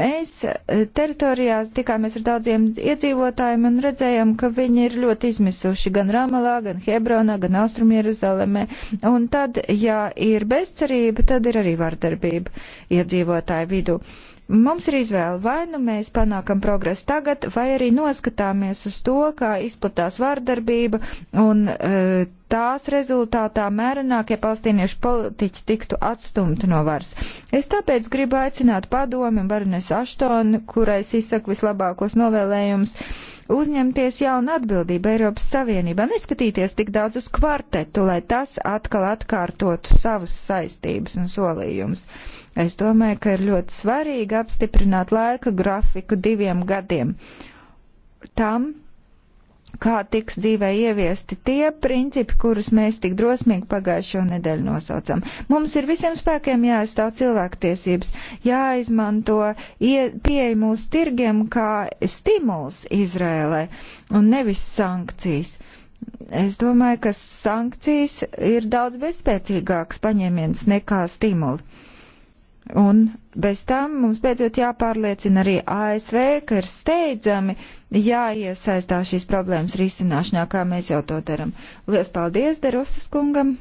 Mēs eh, teritorijās tikāmies ar daudziem iedzīvotājiem un redzējām, ka viņi ir ļoti izmisuši gan Ramalā, gan Hebronā, gan Austrumjeruzalemē. Un tad, ja ir bezcerība, tad ir arī vardarbība iedzīvotāju vidū. Uh, Mums ir izvēle, vai nu mēs panākam progresu tagad, vai arī noskatāmies uz to, kā izplatās vārdarbība un uh, tās rezultātā mērenākie palestīniešu politiķi tiktu atstumti no varas. Es tāpēc gribu aicināt padomi un baronesu Aštoni, kurais izsaka vislabākos novēlējumus, uh, uzņemties jaunu atbildību Eiropas Savienībā, neskatīties tik daudz uz kvartetu, lai tas atkal atkārtotu savas saistības un solījumus. Es domāju, ka ir ļoti svarīgi apstiprināt laika grafiku diviem gadiem. Tam, kā tiks dzīvē ieviesti tie principi, kurus mēs tik drosmīgi pagājušo nedēļu nosaucam. Mums ir visiem spēkiem jāaizstāv cilvēktiesības, jāizmanto pieeja mūsu tirgiem kā stimuls Izrēlē un nevis sankcijas. Es domāju, ka sankcijas ir daudz bezspēcīgāks paņēmiens nekā stimuli. Un bez tam mums beidzot jāpārliecina arī ASV, ka ir steidzami jāiesaistās šīs problēmas risināšanā, kā mēs jau to darām. Lielas paldies Derosas kungam!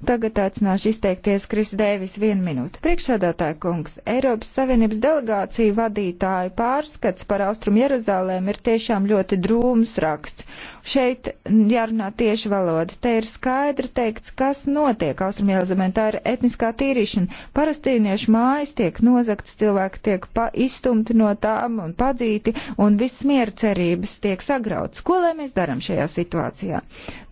Tagad aicināšu izteikties Kris Dēvis vienu minūti. Priekšsēdētāja kungs, Eiropas Savienības delegācija vadītāju pārskats par Austrum Jeruzalēm ir tiešām ļoti drūms raksts. Šeit jārunā tieši valoda. Te ir skaidri teikts, kas notiek Austrum Jeruzalēm. Tā ir etniskā tīrīšana. Parastīniešu mājas tiek nozaktas, cilvēki tiek izstumti no tām un padzīti, un viss miera cerības tiek sagrautas. Ko lai mēs darām šajā situācijā?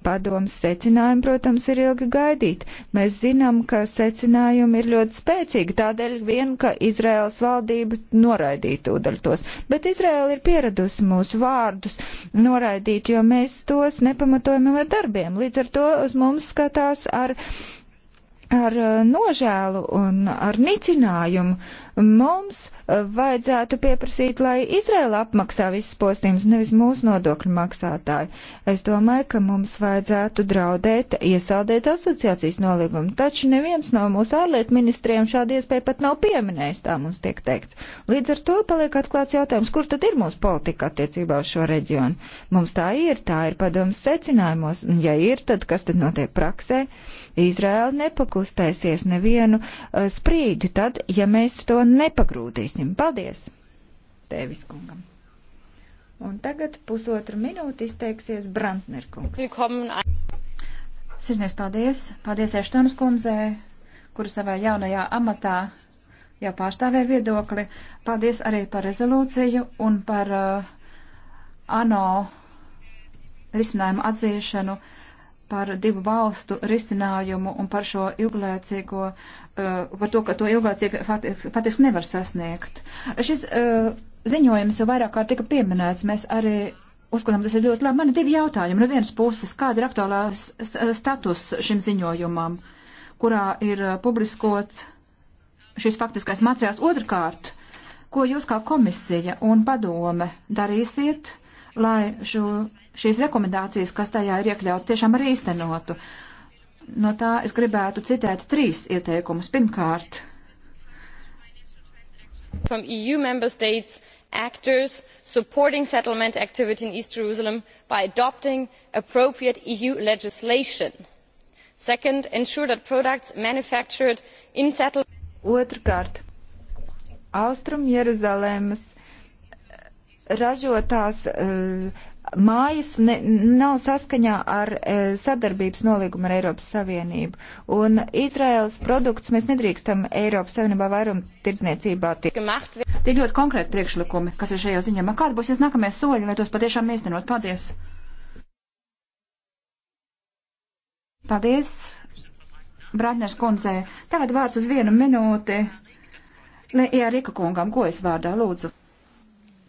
Padomas secinājumi, protams, ir ilgi gaidīti darīt. Mēs zinām, ka secinājumi ir ļoti spēcīgi, tādēļ vien, ka Izraels valdība noraidīja tūdaļtos. Bet Izraela ir pieradusi mūsu vārdus noraidīt, jo mēs tos nepamatojam ar darbiem. Līdz ar to uz mums skatās ar ar uh, nožēlu un ar nicinājumu. Mums eh, vajadzētu pieprasīt, lai Izraela apmaksā visas postījumus, nevis mūsu nodokļu maksātāji. Es domāju, ka mums vajadzētu draudēt, iesaldēt asociācijas nolīgumu, taču neviens no mūsu ārlietu ministriem šādu iespēju pat nav pieminējis, tā mums tiek teikts. Līdz ar to paliek atklāts jautājums, kur tad ir mūsu politika attiecībā uz šo reģionu. Mums tā ir, tā ir padomas secinājumos, un ja ir, tad kas tad notiek praksē? Izraela nepakustēsies nevienu uh, sprīdi tad, ja mēs to nepagrūtīsim. Paldies! Tēvis kungam! Un tagad pusotru minūti izteiksies Brantner kungs. Sirsnieks paldies! Paldies Eštonas kundzē, kura savā jaunajā amatā jau pārstāvē viedokli. Paldies arī par rezolūciju un par uh, ANO risinājumu atzīšanu, par divu valstu risinājumu un par šo ilglēcīgo uh, Uh, par to, ka to ilglaicīgi faktiski nevar sasniegt. Šis uh, ziņojums jau vairāk kārt tika pieminēts. Mēs arī uzskatām, tas ir ļoti labi. Man ir divi jautājumi. No vienas puses, kāda ir aktuālā st status šim ziņojumam, kurā ir uh, publiskots šis faktiskais materiāls. Otrkārt, ko jūs kā komisija un padome darīsiet, lai šo, šīs rekomendācijas, kas tajā ir iekļauts, tiešām arī īstenotu? Uh, no tā es gribētu citēt trīs ieteikumus. Pirmkārt, from eu member states actors supporting settlement activity in east jerusalem by adopting appropriate eu legislation. second ensure that products manufactured in settlement. otrkārt austrumjeruzalemes ražotās uh, mājas ne, nav saskaņā ar e, sadarbības nolīgumu ar Eiropas Savienību. Un Izraels produkts mēs nedrīkstam Eiropas Savienībā vairuma tirdzniecībā tikt. Tie ļoti konkrēti priekšlikumi, kas ir šajā ziņā. Kādi būs jūs nākamie soļi, lai tos patiešām īstenot? Paldies! Paldies, Brāņers kundzē. Tagad vārds uz vienu minūti. Ierika kungam, ko es vārdā lūdzu?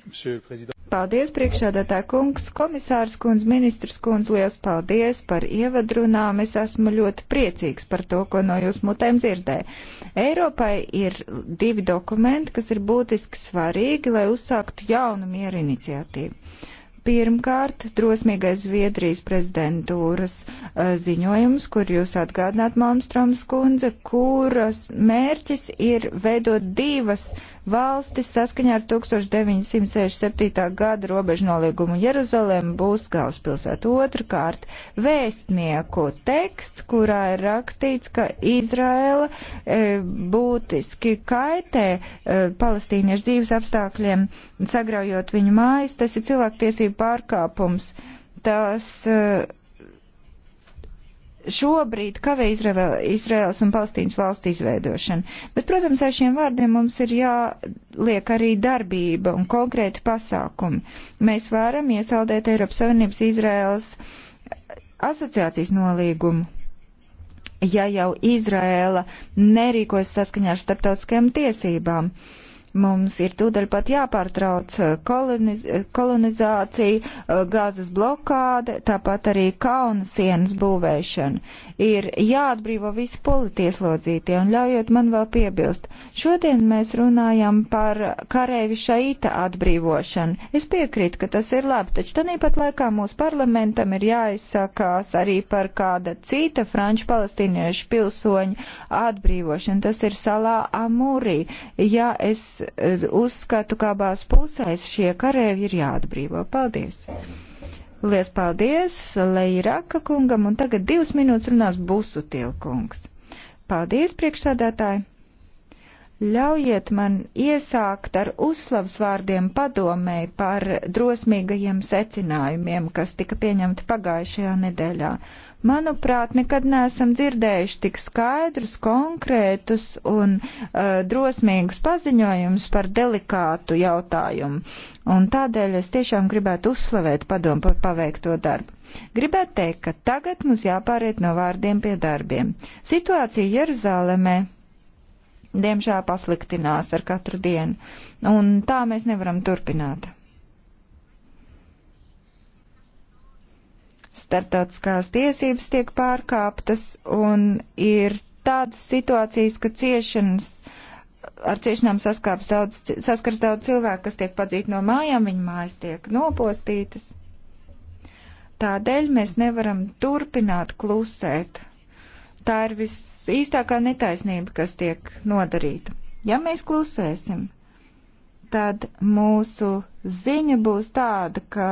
Monsieur le Président. Paldies, priekšādātā kungs, komisārs kundz, ministrs kundz, liels paldies par ievadrunām. Es esmu ļoti priecīgs par to, ko no jūs mutēm dzirdē. Eiropai ir divi dokumenti, kas ir būtiski svarīgi, lai uzsāktu jaunu mieru iniciatīvu. Pirmkārt, drosmīgais Zviedrijas prezidentūras ziņojums, kur jūs atgādināt Malmstroms kundze, kuras mērķis ir veidot divas valstis saskaņā ar 1967. gada robežu noliegumu Jeruzalem būs galvaspilsēta. Otrakārt, vēstnieku teksts, kurā ir rakstīts, ka Izraela e, būtiski kaitē e, palestīniešu dzīves apstākļiem, sagraujot viņu mājas, tas ir cilvēktiesību pārkāpums. Tas, e, šobrīd kavē Izraels un Palestīnas valsts izveidošana. Bet, protams, ar šiem vārdiem mums ir jāliek arī darbība un konkrēti pasākumi. Mēs varam iesaldēt Eiropas Savienības Izraels asociācijas nolīgumu. Ja jau Izraela nerīkojas saskaņā ar starptautiskajām tiesībām, uh, Mums ir tūdaļ pat jāpārtrauc eh, koloniz eh, kolonizācija, eh, gāzes blokāde, tāpat arī kauna sienas būvēšana. Ir jāatbrīvo visi politieslodzītie, un ļaujot man vēl piebilst, šodien mēs runājam par karēvi šaita atbrīvošanu. Es piekrītu, ka tas ir labi, taču tanīpat laikā mūsu parlamentam ir jāizsakās arī par kāda cita franču palestīniešu pilsoņu atbrīvošanu. Tas ir salā Amūrī. Ja es uzskatu, ka abās pusēs šie karēvi ir jāatbrīvo. Paldies! Lies paldies Leiraka kungam, un tagad divas minūtes runās Busutil kungs. Paldies, priekšsādātāji! Ļaujiet man iesākt ar uzslavas vārdiem padomēji par drosmīgajiem secinājumiem, kas tika pieņemti pagājušajā nedēļā. Manuprāt, nekad neesam dzirdējuši tik skaidrus, konkrētus un uh, drosmīgus paziņojumus par delikātu jautājumu. Un tādēļ es tiešām gribētu uzslavēt padomu par paveikto darbu. Gribētu teikt, ka tagad mums jāpāriet no vārdiem pie darbiem. Situācija Jeruzālēmē diemžēl pasliktinās ar katru dienu. Un tā mēs nevaram turpināt. Startautiskās tiesības tiek pārkāptas un ir tādas situācijas, ka ciešanas, ar ciešanām saskars daudz, saskars daudz cilvēku, kas tiek padzīti no mājām, viņu mājas tiek nopostītas. Tādēļ mēs nevaram turpināt klusēt tā ir visīstākā netaisnība, kas tiek nodarīta. Ja mēs klusēsim, tad mūsu ziņa būs tāda, ka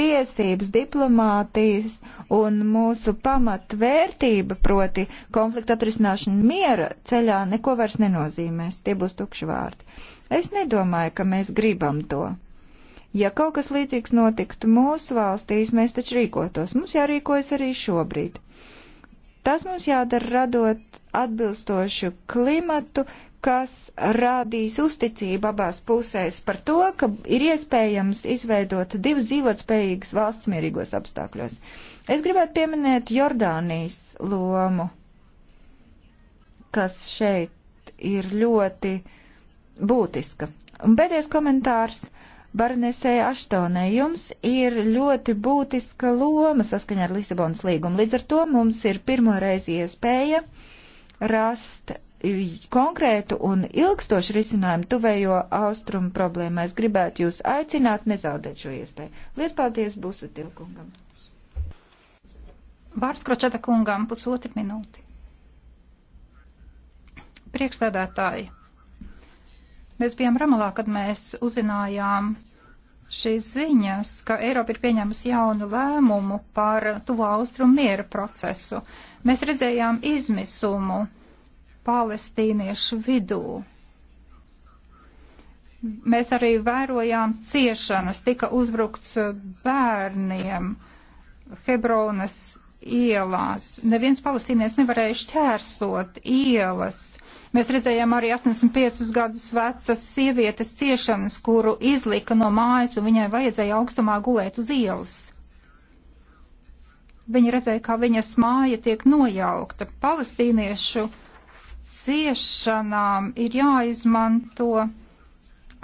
tiesības, diplomātijas un mūsu pamatvērtība, proti konflikta atrisināšana miera ceļā, neko vairs nenozīmēs. Tie būs tukši vārdi. Es nedomāju, ka mēs gribam to. Ja kaut kas līdzīgs notiktu mūsu valstīs, mēs taču rīkotos. Mums jārīkojas arī šobrīd. Tas mums jādara radot atbilstošu klimatu, kas rādīs uzticību abās pusēs par to, ka ir iespējams izveidot divas dzīvotspējīgas valsts mierīgos apstākļos. Es gribētu pieminēt Jordānijas lomu, kas šeit ir ļoti būtiska. Un pēdējais komentārs Baronesei Aštonē, jums ir ļoti būtiska loma saskaņā ar Lisabonas līgumu. Līdz ar to mums ir pirmoreiz iespēja rast konkrētu un ilgstošu risinājumu tuvējo austrumu problēmā. Es gribētu jūs aicināt nezaudēt šo iespēju. Lies paldies būsu tilkungam. Vārds Kročeta kungam pusotru minūti. Priekšstādātāji. Mēs bijām Ramalā, kad mēs uzzinājām šīs ziņas, ka Eiropa ir pieņēmusi jaunu lēmumu par tuvo austrumu miera procesu. Mēs redzējām izmisumu palestīniešu vidū. Mēs arī vērojām ciešanas, tika uzbrukts bērniem Hebronas ielās. Neviens palestīnieks nevarēja šķērsot ielas Mēs redzējām arī 85 gadus vecas sievietes ciešanas, kuru izlika no mājas un viņai vajadzēja augstumā gulēt uz ielas. Viņa redzēja, kā viņas māja tiek nojaukta. Palestīniešu ciešanām ir jāizmanto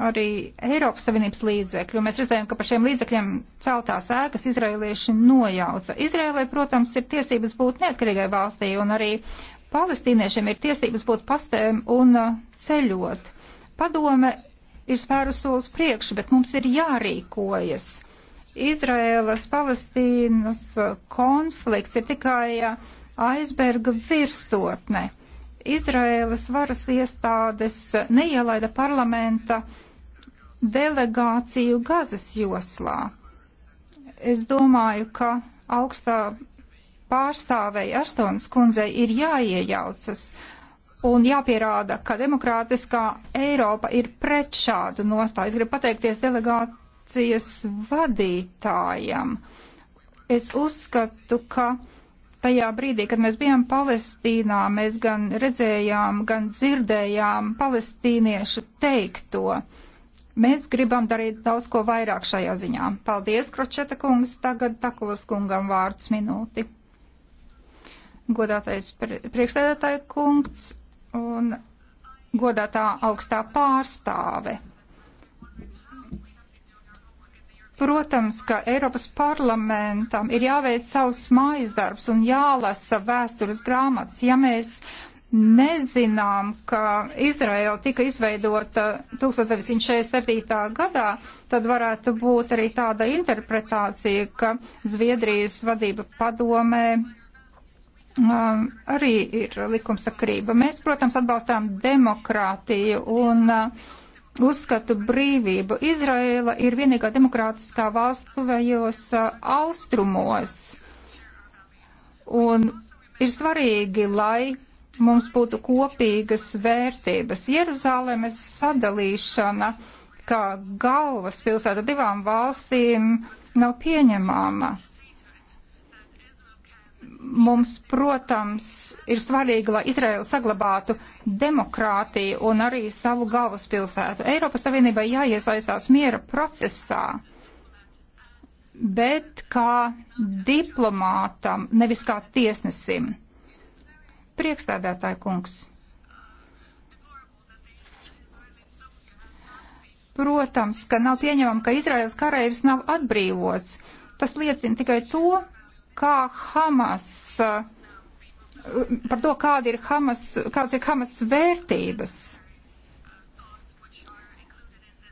arī Eiropas Savienības līdzekļu. Mēs redzējām, ka par šiem līdzekļiem celtās ēkas izrēlieši nojauca. Izrēlē, protams, ir tiesības būt neatkarīgai valstī un arī Palestīniešiem ir tiesības būt pastēm un uh, ceļot. Padome ir spērus solis priekšu, bet mums ir jārīkojas. Izraēlas, Palestīnas uh, konflikts ir tikai uh, aizberga virsotne. Izraēlas varas iestādes neielaida parlamenta delegāciju gazas joslā. Es domāju, ka augstā pārstāvei Aštons kundzei ir jāiejaucas un jāpierāda, ka demokrātiskā Eiropa ir pret šādu nostāju. Es gribu pateikties delegācijas vadītājam. Es uzskatu, ka tajā brīdī, kad mēs bijām Palestīnā, mēs gan redzējām, gan dzirdējām palestīniešu teikto. Mēs gribam darīt daudz ko vairāk šajā ziņā. Paldies, Kročeta kungs, tagad Takulas kungam vārds minūti godātais priekšstādātāja kungs un godātā augstā pārstāve. Protams, ka Eiropas parlamentam ir jāveic savs mājas darbs un jālasa vēstures grāmatas. Ja mēs nezinām, ka Izraela tika izveidota 1967. gadā, tad varētu būt arī tāda interpretācija, ka Zviedrijas vadība padomē Um, arī ir likumsakrība. Mēs, protams, atbalstām demokrātiju un uh, uzskatu brīvību. Izraela ir vienīgā demokrātiskā valsts tuvējos uh, austrumos. Un ir svarīgi, lai mums būtu kopīgas vērtības. Jeruzālēmes sadalīšana kā galvaspilsēta divām valstīm nav pieņemama mums, protams, ir svarīgi, lai Izraela saglabātu demokrātiju un arī savu galvaspilsētu. Eiropas Savienībai jāiesaistās miera procesā, bet kā diplomātam, nevis kā tiesnesim. Priekšstādētāja kungs. Protams, ka nav pieņemama, ka Izraels kareivis nav atbrīvots. Tas liecina tikai to, kā Hamas, par to, kāda ir Hamas, kāds ir Hamas vērtības.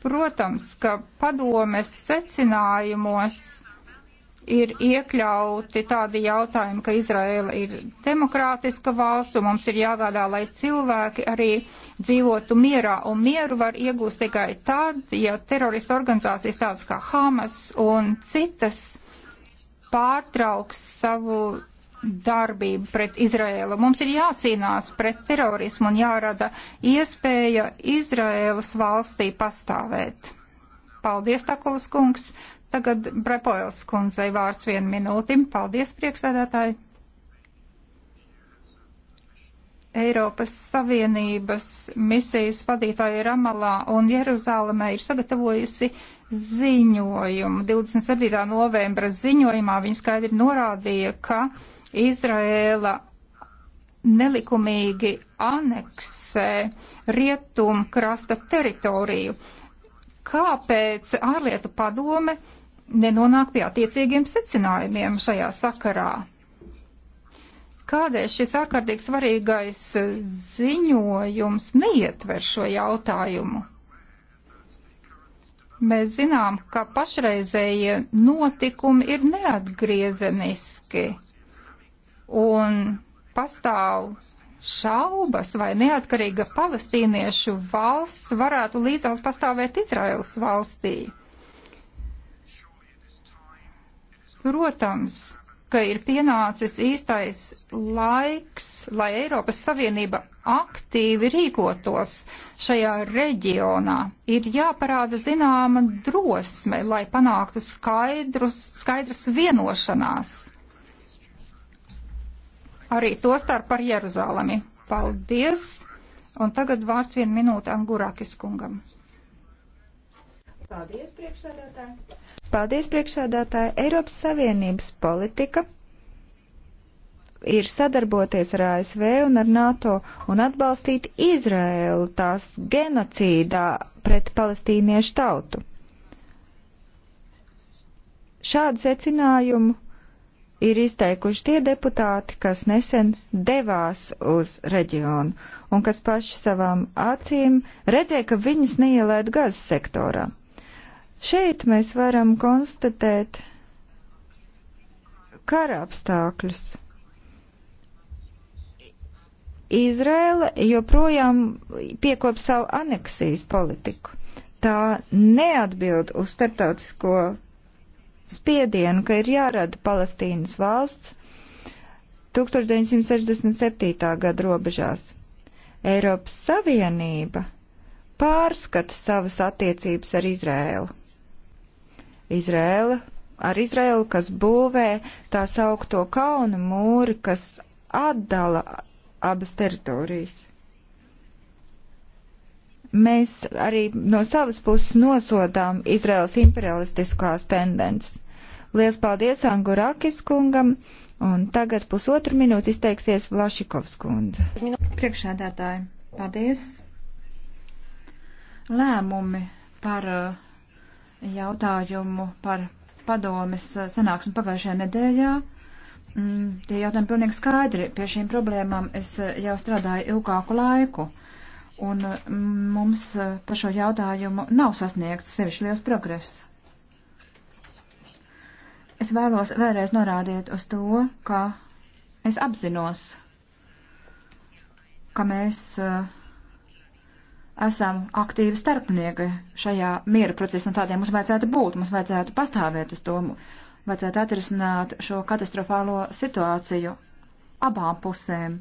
Protams, ka padomes secinājumos ir iekļauti tādi jautājumi, ka Izraela ir demokrātiska valsts un mums ir jāgādā, lai cilvēki arī dzīvotu mierā. Un mieru var iegūst tikai tad, ja terorista organizācijas tādas kā Hamas un citas pārtrauks savu darbību pret Izraēlu. Mums ir jācīnās pret terorismu un jārada iespēja Izraēlas valstī pastāvēt. Paldies, Takulas kungs. Tagad Brepoils kundzei vārds vienu minūti. Paldies, priekšsēdētāji. Eiropas Savienības misijas vadītāja Ramalā un Jeruzālēmē ir sagatavojusi ziņojumu. 27. novembra ziņojumā viņa skaidri norādīja, ka Izraēla nelikumīgi aneksē rietum krasta teritoriju. Kāpēc ārlietu padome nenonāk pie attiecīgiem secinājumiem šajā sakarā? Kādēļ šis ārkārtīgi svarīgais eh, ziņojums neietver šo jautājumu? Mēs zinām, ka pašreizējie notikumi ir neatgriezeniski un pastāv šaubas, vai neatkarīga palestīniešu valsts varētu līdzās pastāvēt Izraels valstī. Protams, ka ir pienācis īstais laiks, lai Eiropas Savienība aktīvi rīkotos šajā reģionā. Ir jāparāda zināma drosme, lai panāktu skaidrus, skaidrus vienošanās. Arī to starp par Jeruzālami. Paldies! Un tagad vārds vienu minūti Angurākis kungam. Paldies, priekšsēdētāji! Paldies, priekšsēdētāji! Eiropas Savienības politika ir sadarboties ar ASV un ar NATO un atbalstīt Izraēlu tās genocīdā pret palestīniešu tautu. Šādu secinājumu ir izteikuši tie deputāti, kas nesen devās uz reģionu un kas paši savām acīm redzēja, ka viņus neielēd gazas sektorā. Šeit mēs varam konstatēt kara apstākļus. Izraela joprojām piekop savu aneksijas politiku. Tā neatbild uz starptautisko spiedienu, ka ir jārada Palestīnas valsts 1967. gada robežās. Eiropas Savienība pārskata savas attiecības ar Izrēlu. Izrēla, ar Izrēlu, kas būvē tā saukto kaunu mūri, kas atdala abas teritorijas. Mēs arī no savas puses nosodām Izraels imperialistiskās tendences. Lielas paldies Angurakis kungam, un tagad pusotru minūti izteiksies Vlašikovs kundze. Priekšādātāji, paldies! Lēmumi par uh, jautājumu par padomes uh, sanāksmi pagājušajā nedēļā. Mm, tie jautājumi pilnīgi skaidri. Pie šīm problēmām es uh, jau strādāju ilgāku laiku, un uh, mums par šo jautājumu nav sasniegts sevišķi liels progress. Es vēlos vēlreiz norādīt uz to, ka es apzinos, ka mēs uh, esam aktīvi starpnieki šajā miera procesā, un tādiem mums vajadzētu būt, mums vajadzētu pastāvēt uz to, vajadzētu atrisināt šo katastrofālo situāciju abām pusēm,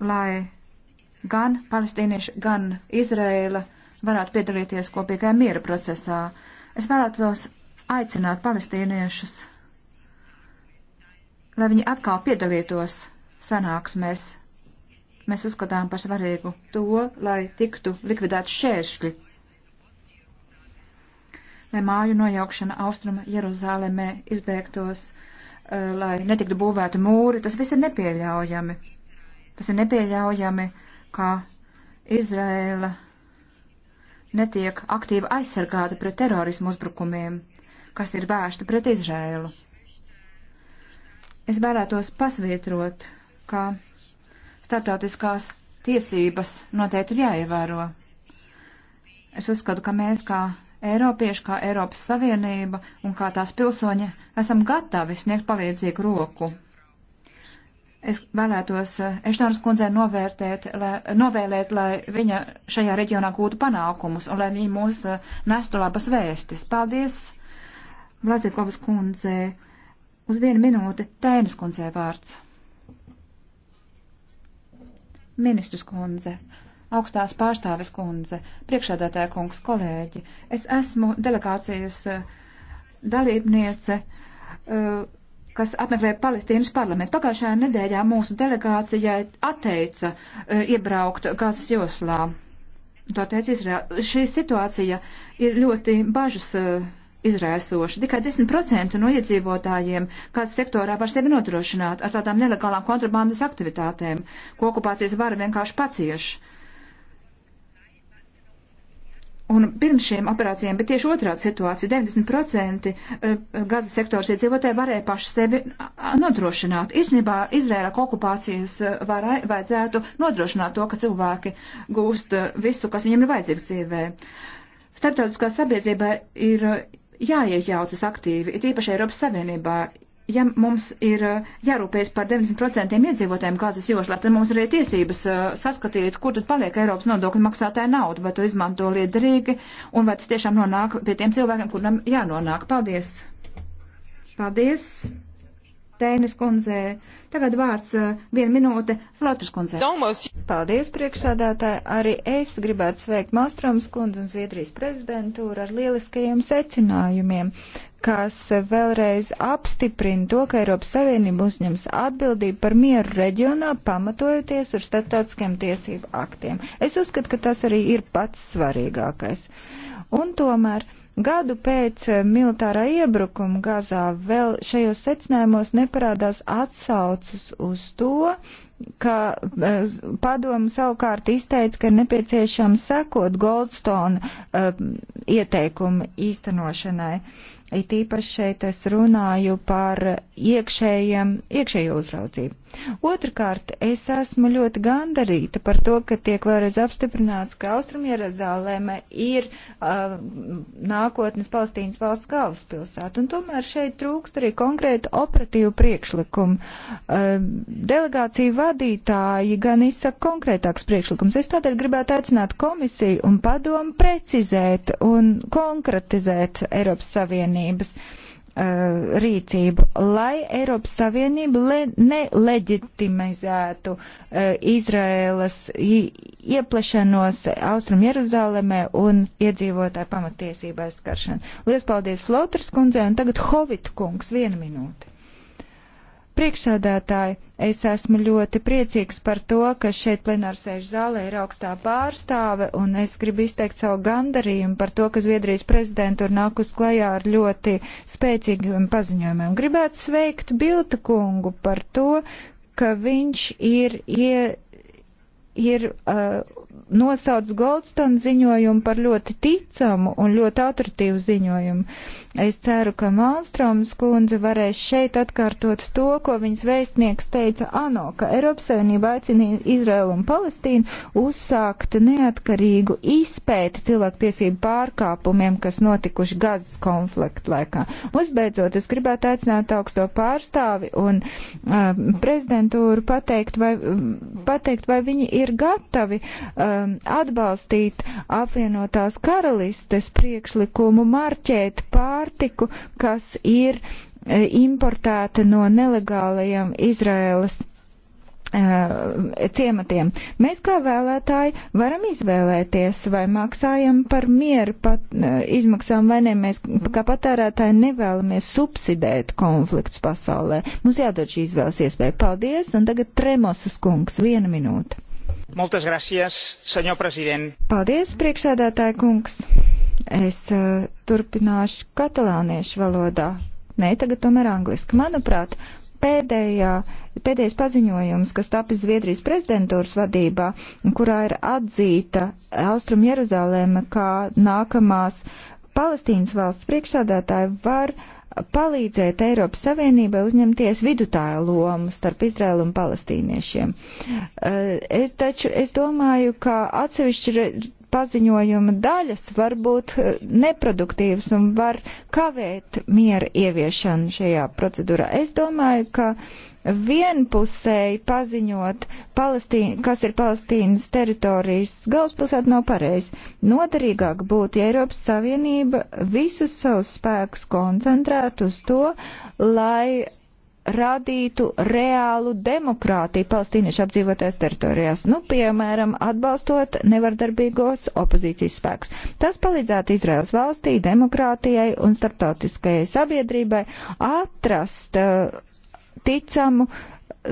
lai gan palestīnieši, gan Izraela varētu piedalīties kopīgajā miera procesā. Es vēlētos aicināt palestīniešus, lai viņi atkal piedalītos sanāksmēs mēs uzskatām par svarīgu to, lai tiktu likvidēti šēršļi, lai māju nojaukšana austruma Jeruzālēmē izbēgtos, eh, lai netiktu būvēti mūri. Tas viss ir nepieļaujami. Tas ir nepieļaujami, ka Izraela netiek aktīvi aizsargāta pret terorismu uzbrukumiem, kas ir vērsti pret Izraelu. Es vēlētos pasvietrot, ka starptautiskās tiesības noteikti ir jāievēro. Es uzskatu, ka mēs kā Eiropieši, kā Eiropas Savienība un kā tās pilsoņi esam gatavi sniegt palīdzīgu roku. Es vēlētos eh, Eštānas kundzē novērtēt, lai, novēlēt, lai viņa šajā reģionā gūtu panākumus un lai viņa mūs eh, nestu labas vēstis. Paldies, Blazikovas kundzē. Uz vienu minūti Tēnas kundzē vārds. Ministrs kundze, augstās pārstāves kundze, priekšādātāja kungs, kolēģi, es esmu delegācijas eh, dalībniece, eh, kas apmeklē Palestīnas parlamentu. Pagājušajā nedēļā mūsu delegācijai atteica eh, iebraukt Gazas joslā. To teica Izraela. Šī situācija ir ļoti bažas izraisoši. Tikai 10% no iedzīvotājiem, kāds sektorā var sevi nodrošināt ar tādām nelegālām kontrabandas aktivitātēm, ko okupācijas vara vienkārši pacieš. Un pirms šiem operācijām bija tieši otrāda situācija. 90% eh, gazas sektors iedzīvotāji varēja paši sevi nodrošināt. Īstenībā Izrēlā okupācijas eh, varai vajadzētu nodrošināt to, ka cilvēki gūst eh, visu, kas viņiem ir vajadzīgs dzīvē. Starptautiskā sabiedrība ir jāiejaucas aktīvi, it īpaši Eiropas Savienībā. Ja mums ir eh, jārūpējas par 90% iedzīvotājiem Gāzes jošlā, tad mums ir arī tiesības eh, saskatīt, kur tad paliek Eiropas nodokļu maksātāja nauda, vai to izmanto liederīgi, un vai tas tiešām nonāk pie tiem cilvēkiem, kuram jānonāk. Paldies! Paldies! Steinas kundzē. Tagad vārds eh, viena minūte Flotras kundzē. Paldies, priekšsādātāji. Arī es gribētu sveikt Malstroms kundzi un Zviedrijas prezidentūru ar lieliskajiem secinājumiem kas vēlreiz apstiprina to, ka Eiropas Savienība uzņems atbildību par mieru reģionā, pamatojoties uz starptautiskiem tiesību aktiem. Es uzskatu, ka tas arī ir pats svarīgākais. Un tomēr Gadu pēc eh, militārā iebrukuma Gazā vēl šajos secinājumos neparādās atsaucas uz to, ka eh, padomu savukārt izteica, ka ir nepieciešams sekot Goldstone uh, ieteikumu īstenošanai. Uh, It īpaši šeit es runāju par iekšējiem, iekšējo uzraudzību. Otrakārt, es esmu ļoti gandarīta par to, ka tiek vēlreiz apstiprināts, ka Austrumjeruzaleme ir uh, nākotnes Palestīnas valsts galvaspilsēta, un tomēr šeit trūkst arī konkrēta operatīva priekšlikuma. Uh, delegācija vadītāji gan izsaka konkrētāks priekšlikums. Es tādēļ gribētu aicināt komisiju un padomu precizēt un konkretizēt Eiropas Savienību Savienības eh, rīcību, lai Eiropas Savienība le, neleģitimizētu uh, Izraēlas ieplešanos Austrum Jeruzālēmē un iedzīvotāju pamatiesībās skaršanu. Lielas paldies Flotras kundzei un tagad Hovita kungs, viena minūte. Priekšsēdētāji, es esmu ļoti priecīgs par to, ka šeit plenārsēžu zālē ir augstā pārstāve, un es gribu izteikt savu gandarījumu par to, ka Zviedrijas prezidentūra nāk uz klajā ar ļoti spēcīgiem paziņojumiem. Gribētu sveikt Bilta kungu par to, ka viņš ir, ir, ir uh, nosauc Goldstone ziņojumu par ļoti ticamu un ļoti autoritīvu ziņojumu. Es ceru, ka Malstroms kundze varēs šeit atkārtot to, ko viņas vēstnieks teica ANO, ka Eiropas Savienība aicina Izraelu un Palestīnu uzsākt neatkarīgu izpēti cilvēktiesību pārkāpumiem, kas notikuši gazas konflikta laikā. Uzbeidzot, es gribētu aicināt augsto pārstāvi un uh, prezidentūru pateikt vai, um, pateikt, vai viņi ir gatavi uh, um, atbalstīt apvienotās karalistes priekšlikumu marķēt pārtiku, kas ir uh, importēta no nelegālajiem Izraēlas e, ciematiem. Mēs kā vēlētāji varam izvēlēties, vai maksājam par mieru pat, e, izmaksām vai ne. Mēs kā patērētāji nevēlamies subsidēt konflikts pasaulē. Mums jādod šī izvēles iespēja. Paldies, un tagad Tremosas kungs, viena minūte. Multas gracias, senor prezident. Paldies, priekšsēdētāja kungs. Es uh, turpināšu katalāniešu valodā. Nē, tagad tomēr angliski. Manuprāt, pēdējā, pēdējais paziņojums, kas tapis Zviedrijas prezidentūras vadībā, kurā ir atzīta Austrum Jeruzalēma kā nākamās Palestīnas valsts priekšsādātāja, var uh, palīdzēt Eiropas Savienībai uzņemties vidutāju lomu starp Izraēlu un palestīniešiem. Eh, es, taču es domāju, ka atsevišķi paziņojuma daļas var būt eh, neproduktīvas un var kavēt miera ieviešanu šajā procedūrā. Es domāju, ka vienpusēji paziņot, Palestīna, kas ir Palestīnas teritorijas galvaspilsēta, nav pareizi. Noderīgāk būtu, ja Eiropas Savienība visus savus spēkus koncentrētu uz to, lai radītu reālu demokrātiju palestīniešu apdzīvotās teritorijās, nu, piemēram, atbalstot nevardarbīgos opozīcijas spēkus. Tas palīdzētu Izraels valstī, demokrātijai un starptautiskajai sabiedrībai atrast uh, ticamu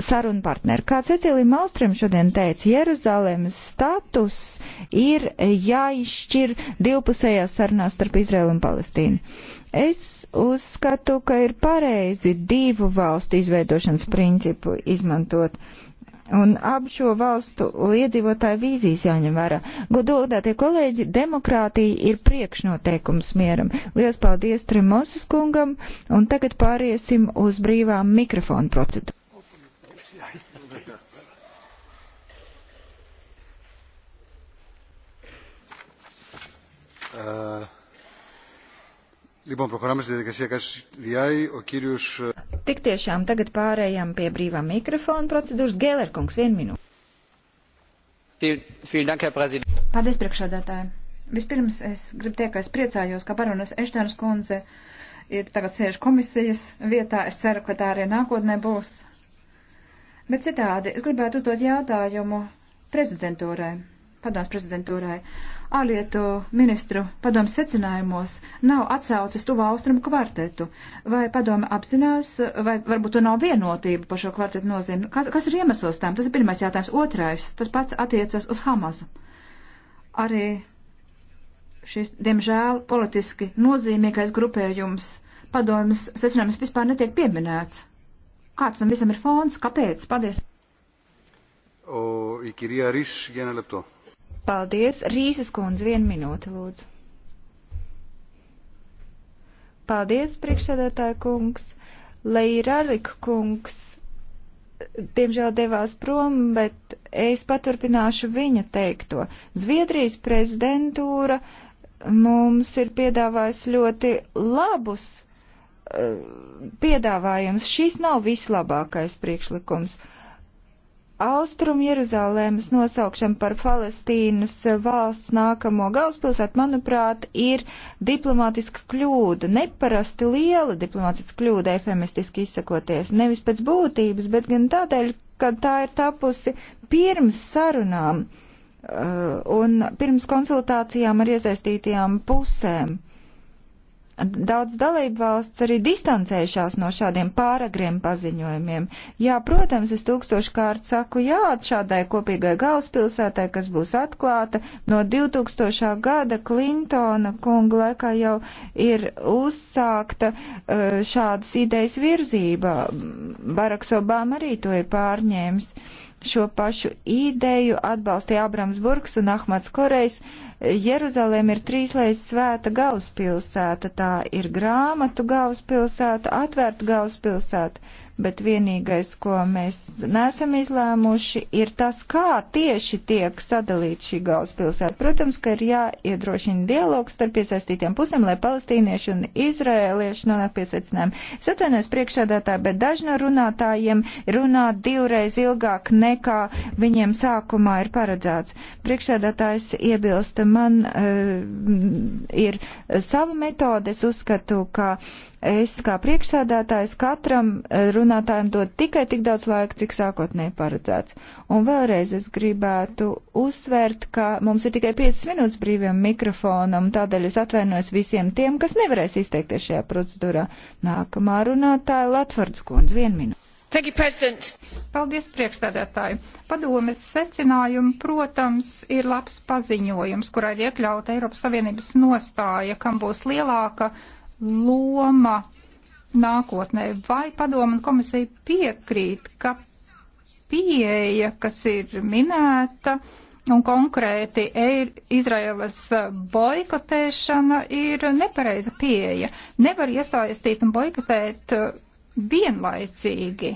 sarunu partneri. Kā Cecilija Malstrēm šodien teica, Jeruzalemes status ir jāizšķir divpusējās sarunās starp Izraelu un Palestīnu. Es uzskatu, ka ir pareizi divu valstu izveidošanas principu izmantot. Uh, Un abu šo valstu iedzīvotāju vīzijas jāņem vērā. Gododātie kolēģi, demokrātija ir priekšnoteikums mieram. Lielas paldies Tremosas kungam, un tagad pāriesim uz brīvām mikrofonu procedūru. Uh... Λοιπόν, προχωράμε στη διαδικασία ΚΑΣΔΙ. Ο κύριος... Tik tiešām tagad pārējām pie brīvā mikrofona procedūras. Gēlerkungs, vienu minūti. Paldies, priekšādātāji. Vispirms es gribu teikt, ka es priecājos, ka baronas Eštānas kundze ir tagad sēž komisijas vietā. Es ceru, ka tā arī nākotnē būs. Bet citādi es gribētu uzdot jautājumu prezidentūrai padās prezidentūrai. Ārlietu ministru padomu secinājumos nav atsaucis tuvā austrumu kvartetu. Vai padoma apzinās, vai varbūt to nav vienotība par šo kvartetu nozīmi? Kas, kas ir iemesls tam? Tas ir pirmais jautājums. Otrais, tas pats attiecas uz Hamasu. Arī šis, diemžēl, politiski nozīmīgais grupējums padomas secinājums vispār netiek pieminēts. Kāds tam visam ir fons? Kāpēc? Paldies! O, η κυρία Ρης για ένα λεπτό. Paldies. Rīsas kundze, vienu minūti, lūdzu. Paldies, priekšsēdētāja kungs. Leiralik kungs, diemžēl devās prom, bet es paturpināšu viņa teikto. Zviedrijas prezidentūra mums ir piedāvājusi ļoti labus eh, piedāvājums. Šis nav vislabākais priekšlikums. Uh, Austrum Jeruzalēmas nosaukšana par Palestīnas valsts nākamo galvaspilsētu, manuprāt, ir diplomātiska kļūda, neparasti liela diplomātiska kļūda, efemistiski izsakoties, nevis pēc būtības, bet gan tādēļ, ka tā ir tapusi pirms sarunām uh, un pirms konsultācijām ar iesaistītajām pusēm. Uh, Daudz dalību valsts arī distancējušās no šādiem pāragriem paziņojumiem. Jā, protams, es tūkstošu kārt saku jā šādai kopīgai galvaspilsētai, kas būs atklāta. No 2000. gada Klintona kunga laikā jau ir uzsākta uh, šādas idejas virzība. Baraks Obama arī to ir pārņēmis. Šo pašu ideju atbalstīja Abrams Burks un Ahmads Korejs. Uh, Jeruzalem ir trīslais svēta galvaspilsēta. Tā ir grāmatu galvaspilsēta, atvērta galvaspilsēta bet vienīgais, ko mēs nesam izlēmuši, ir tas, kā tieši tiek sadalīta šī galvaspilsēta. Protams, ka ir jāiedrošina dialogs starp iesaistītiem pusēm, lai palestīnieši un izrēlieši nonāk pie secinājuma. Es atvainojos priekšādātāji, bet daži no runātājiem runā divreiz ilgāk nekā viņiem sākumā ir paredzēts. Priekšādātājs iebilsta, man uh, ir sava metode, es uzskatu, ka uh, Es kā priekšsēdētājs katram eh, runātājam dod tikai tik daudz laika, cik sākotnēji paredzēts. Un vēlreiz es gribētu uzsvērt, ka mums ir tikai 5 minūtes brīviem mikrofonam, tādēļ es atvainojos visiem tiem, kas nevarēs izteikties šajā procedūrā. Nākamā runātāja Latvards kundze, vien minūte. Thank you, President. Paldies, priekšstādētāji. Padomes secinājumi, protams, ir labs paziņojums, kurā ir iekļauta Eiropas Savienības nostāja, kam būs lielāka loma nākotnē. Vai padoma un komisija piekrīt, ka pieeja, kas ir minēta, un konkrēti Izraēlas boikotēšana ir nepareiza pieeja. Nevar iesaistīt un boikotēt uh, vienlaicīgi.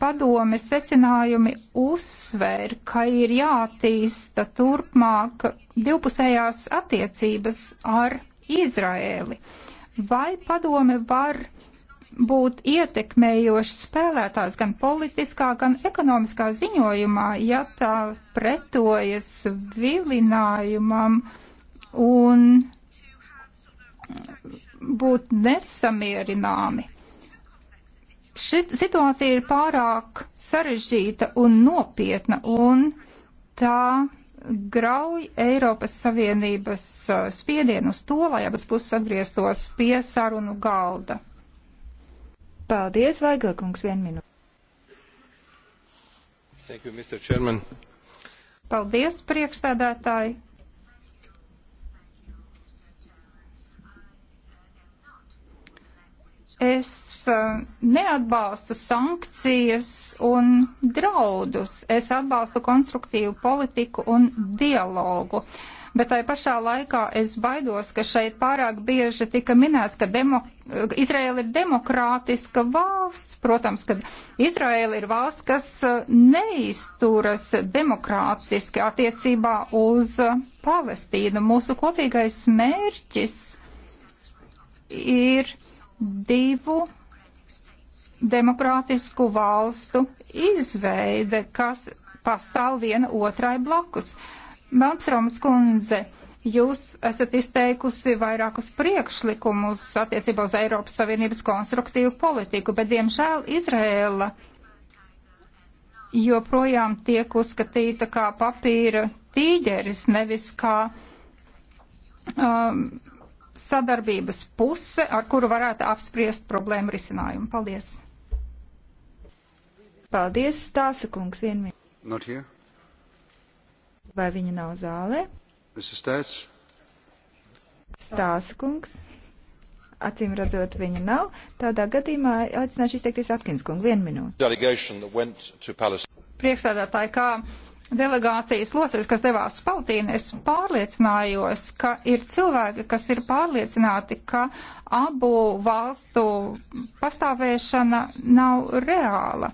Padomes secinājumi uzsver, ka ir jātīsta turpmāk divpusējās attiecības ar Izraēli. Uh, vai padome var būt ietekmējošs spēlētājs gan politiskā, gan ekonomiskā ziņojumā, ja tā pretojas vilinājumam un būt nesamierināmi. Šit situācija ir pārāk sarežģīta un nopietna, un tā grauj Eiropas Savienības uh, spiedienu uz to, lai abas puses atgrieztos pie sarunu galda. Paldies, Vaiglkungs, vienu minūti. Thank you, Mr. Chairman. Paldies, priekšstādātāji. Es eh, neatbalstu sankcijas un draudus. Es atbalstu konstruktīvu politiku un dialogu. Bet tai pašā laikā es baidos, ka šeit pārāk bieži tika minēts, ka demo, eh, Izraela ir demokrātiska valsts. Protams, ka Izraela ir valsts, kas eh, neizturas demokrātiski attiecībā uz Palestīnu. Mūsu kopīgais mērķis ir divu demokrātisku valstu izveide, kas pastāv viena otrai blakus. Malmstroms kundze, jūs esat izteikusi vairākus priekšlikumus attiecībā uz Eiropas Savienības konstruktīvu politiku, bet diemžēl Izrēla joprojām tiek uzskatīta kā papīra tīģeris, nevis kā um, sadarbības puse, ar kuru varētu apspriest problēmu risinājumu. Paldies! Paldies, Stāsa kungs, vienmēr. Vai viņa nav zālē? Stāsa kungs. Acīm redzot, viņa nav. Tādā gadījumā aicināšu izteikties Atkins kungu. Vienu minūti. Priekšsēdētāji, kā delegācijas loceklis, kas devās Spaltīnu, es pārliecinājos, ka ir cilvēki, kas ir pārliecināti, ka abu valstu pastāvēšana nav reāla.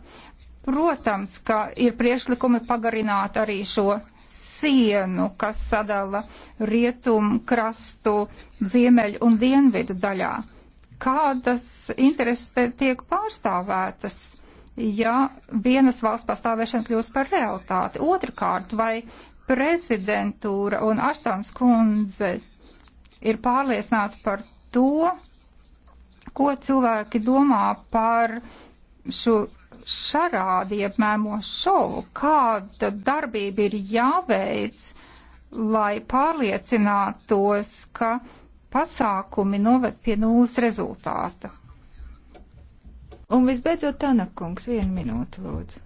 Protams, ka ir priešlikumi pagarināt arī šo sienu, kas sadala rietumu krastu ziemeļu un dienvidu daļā. Kādas intereses tiek pārstāvētas? ja vienas valsts pastāvēšana kļūst par realitāti. Otrakārt, vai prezidentūra un Aštons kundze ir pārliecināti par to, ko cilvēki domā par šo šarādi, jeb mēmo šovu, kāda darbība ir jāveic, lai pārliecinātos, ka pasākumi noved pie nulles rezultāta. Un visbeidzot, Tanakungs, vienu minūtu lūdzu.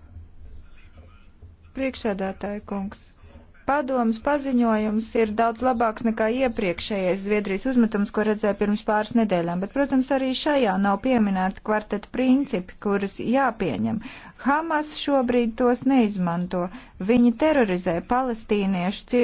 Priekšsēdētāja kungs padomas paziņojums ir daudz labāks nekā iepriekšējais Zviedrijas uzmetums, ko redzēja pirms pāris nedēļām, bet, protams, arī šajā nav pieminēta kvarteta principi, kurus jāpieņem. Hamas šobrīd tos neizmanto. Viņi terorizē palestīniešu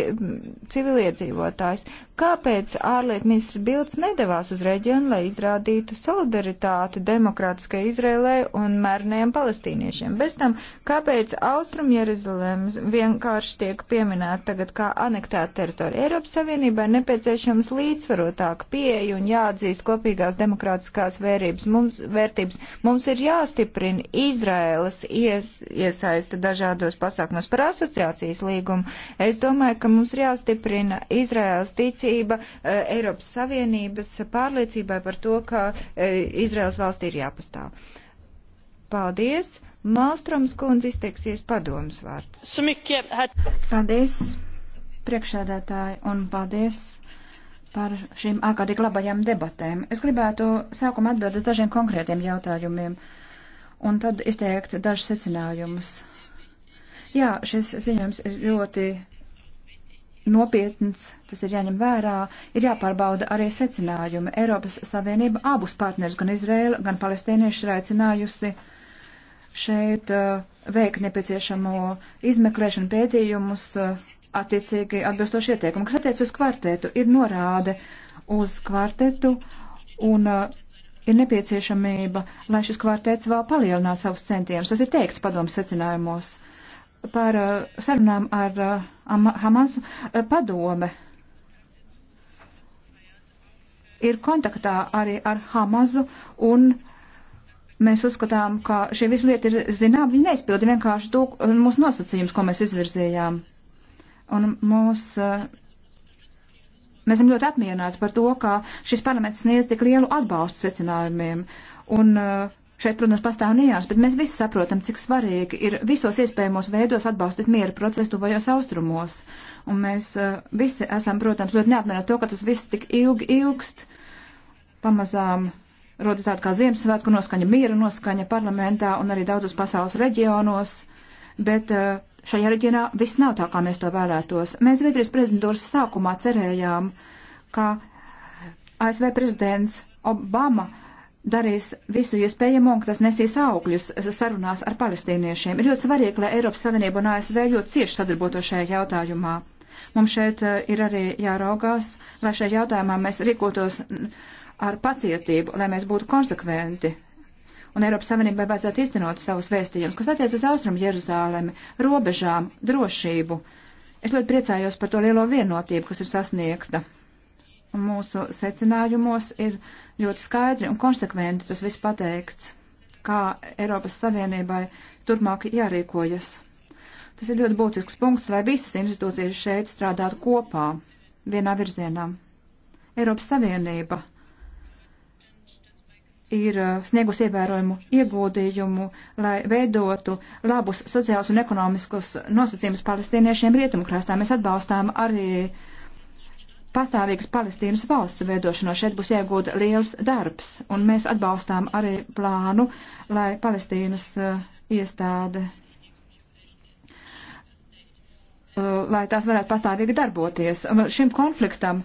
civiliedzīvotājs. Kāpēc ārlietu ministrs Bilds nedavās uz reģionu, lai izrādītu solidaritāti demokrātiskai Izrēlē un mērniem palestīniešiem? Bez tam, kāpēc Austrum Jeruzalemes vienkārši tiek pieminēta tagad kā anektēta teritorija? Eiropas Savienībai nepieciešams līdzsvarotāka pieeja un jāatzīst kopīgās demokrātiskās vērības. Mums, vērtības. Mums ir jāstiprina Izraēlas tās ies, iesaista dažādos pasākumos par asociācijas līgumu. Es domāju, ka mums ir jāstiprina Izraels ticība eh, Eiropas Savienības pārliecībai par to, ka eh, Izraels valstī ir jāpastāv. Paldies! Malstroms kundze izteiksies padomus vārdu. Paldies, priekšēdētāji, un paldies par šīm ārkārtīgi labajām debatēm. Es gribētu sākumā atbildēt uz dažiem konkrētiem jautājumiem. Uh, un tad izteikt dažus secinājumus. Jā, šis ziņojums ir ļoti nopietns, tas ir jāņem vērā, ir jāpārbauda arī secinājumi. Eiropas Savienība abus partners, gan Izraela, gan palestīnieši, ir aicinājusi šeit uh, veikt nepieciešamo izmeklēšanu pētījumus, uh, attiecīgi atbilstoši ieteikumu, kas attiec uz kvartetu, ir norāde uz kvartetu un uh, ir nepieciešamība, lai šis kvartets vēl palielinātu savus centienus. Tas ir teikts padomus secinājumos par uh, sarunām ar uh, Hamas uh, padome. Ir kontaktā arī ar Hamazu un mēs uzskatām, ka šī visa lieta ir zinām, viņi neizpildi vienkārši to uh, mūsu nosacījums, ko mēs izvirzījām. Un mūs uh, Mēs esam ļoti apmierināti par to, ka šis parlaments sniedz tik lielu atbalstu secinājumiem. Un uh, šeit, protams, pastāv nijās, bet mēs visi saprotam, cik svarīgi ir visos iespējamos veidos atbalstīt miera procesu tuvajos austrumos. Un mēs uh, visi esam, protams, ļoti neapmierināti to, ka tas viss tik ilgi ilgst. Pamazām rodas tāda kā Ziemassvētku noskaņa, miera noskaņa parlamentā un arī daudzos pasaules reģionos. Bet uh, šajā reģionā viss nav tā, kā mēs to vēlētos. Mēs Zviedrijas prezidentūras sākumā cerējām, ka ASV prezidents Obama darīs visu iespējamo, un ka tas nesīs augļus sarunās ar palestīniešiem. Ir ļoti svarīgi, lai Eiropas Savienība un ASV ļoti cieši sadarbotos šajā jautājumā. Mums šeit eh, ir arī jāraugās, lai šajā jautājumā mēs rīkotos ar pacietību, lai mēs būtu konsekventi un Eiropas Savienībai vajadzētu iztenot savus vēstījumus, kas attiec uz Austrumu Jeruzālemi, robežām, drošību. Es ļoti priecājos par to lielo vienotību, kas ir sasniegta. Un mūsu secinājumos ir ļoti skaidri un konsekventi tas viss pateikts, kā Eiropas Savienībai turpmāk jārīkojas. Tas ir ļoti būtisks punkts, lai visas institūcijas šeit strādātu kopā, vienā virzienā. Eiropas Savienība ir eh, sniegus ievērojumu ieguldījumu, lai veidotu labus sociālus un ekonomiskus nosacījumus palestīniešiem rietumkrastā. Mēs atbalstām arī pastāvīgas Palestīnas valsts veidošanos. Šeit būs iegūta liels darbs, un mēs atbalstām arī plānu, lai Palestīnas uh, iestāde, uh, lai tās varētu pastāvīgi darboties. Šim konfliktam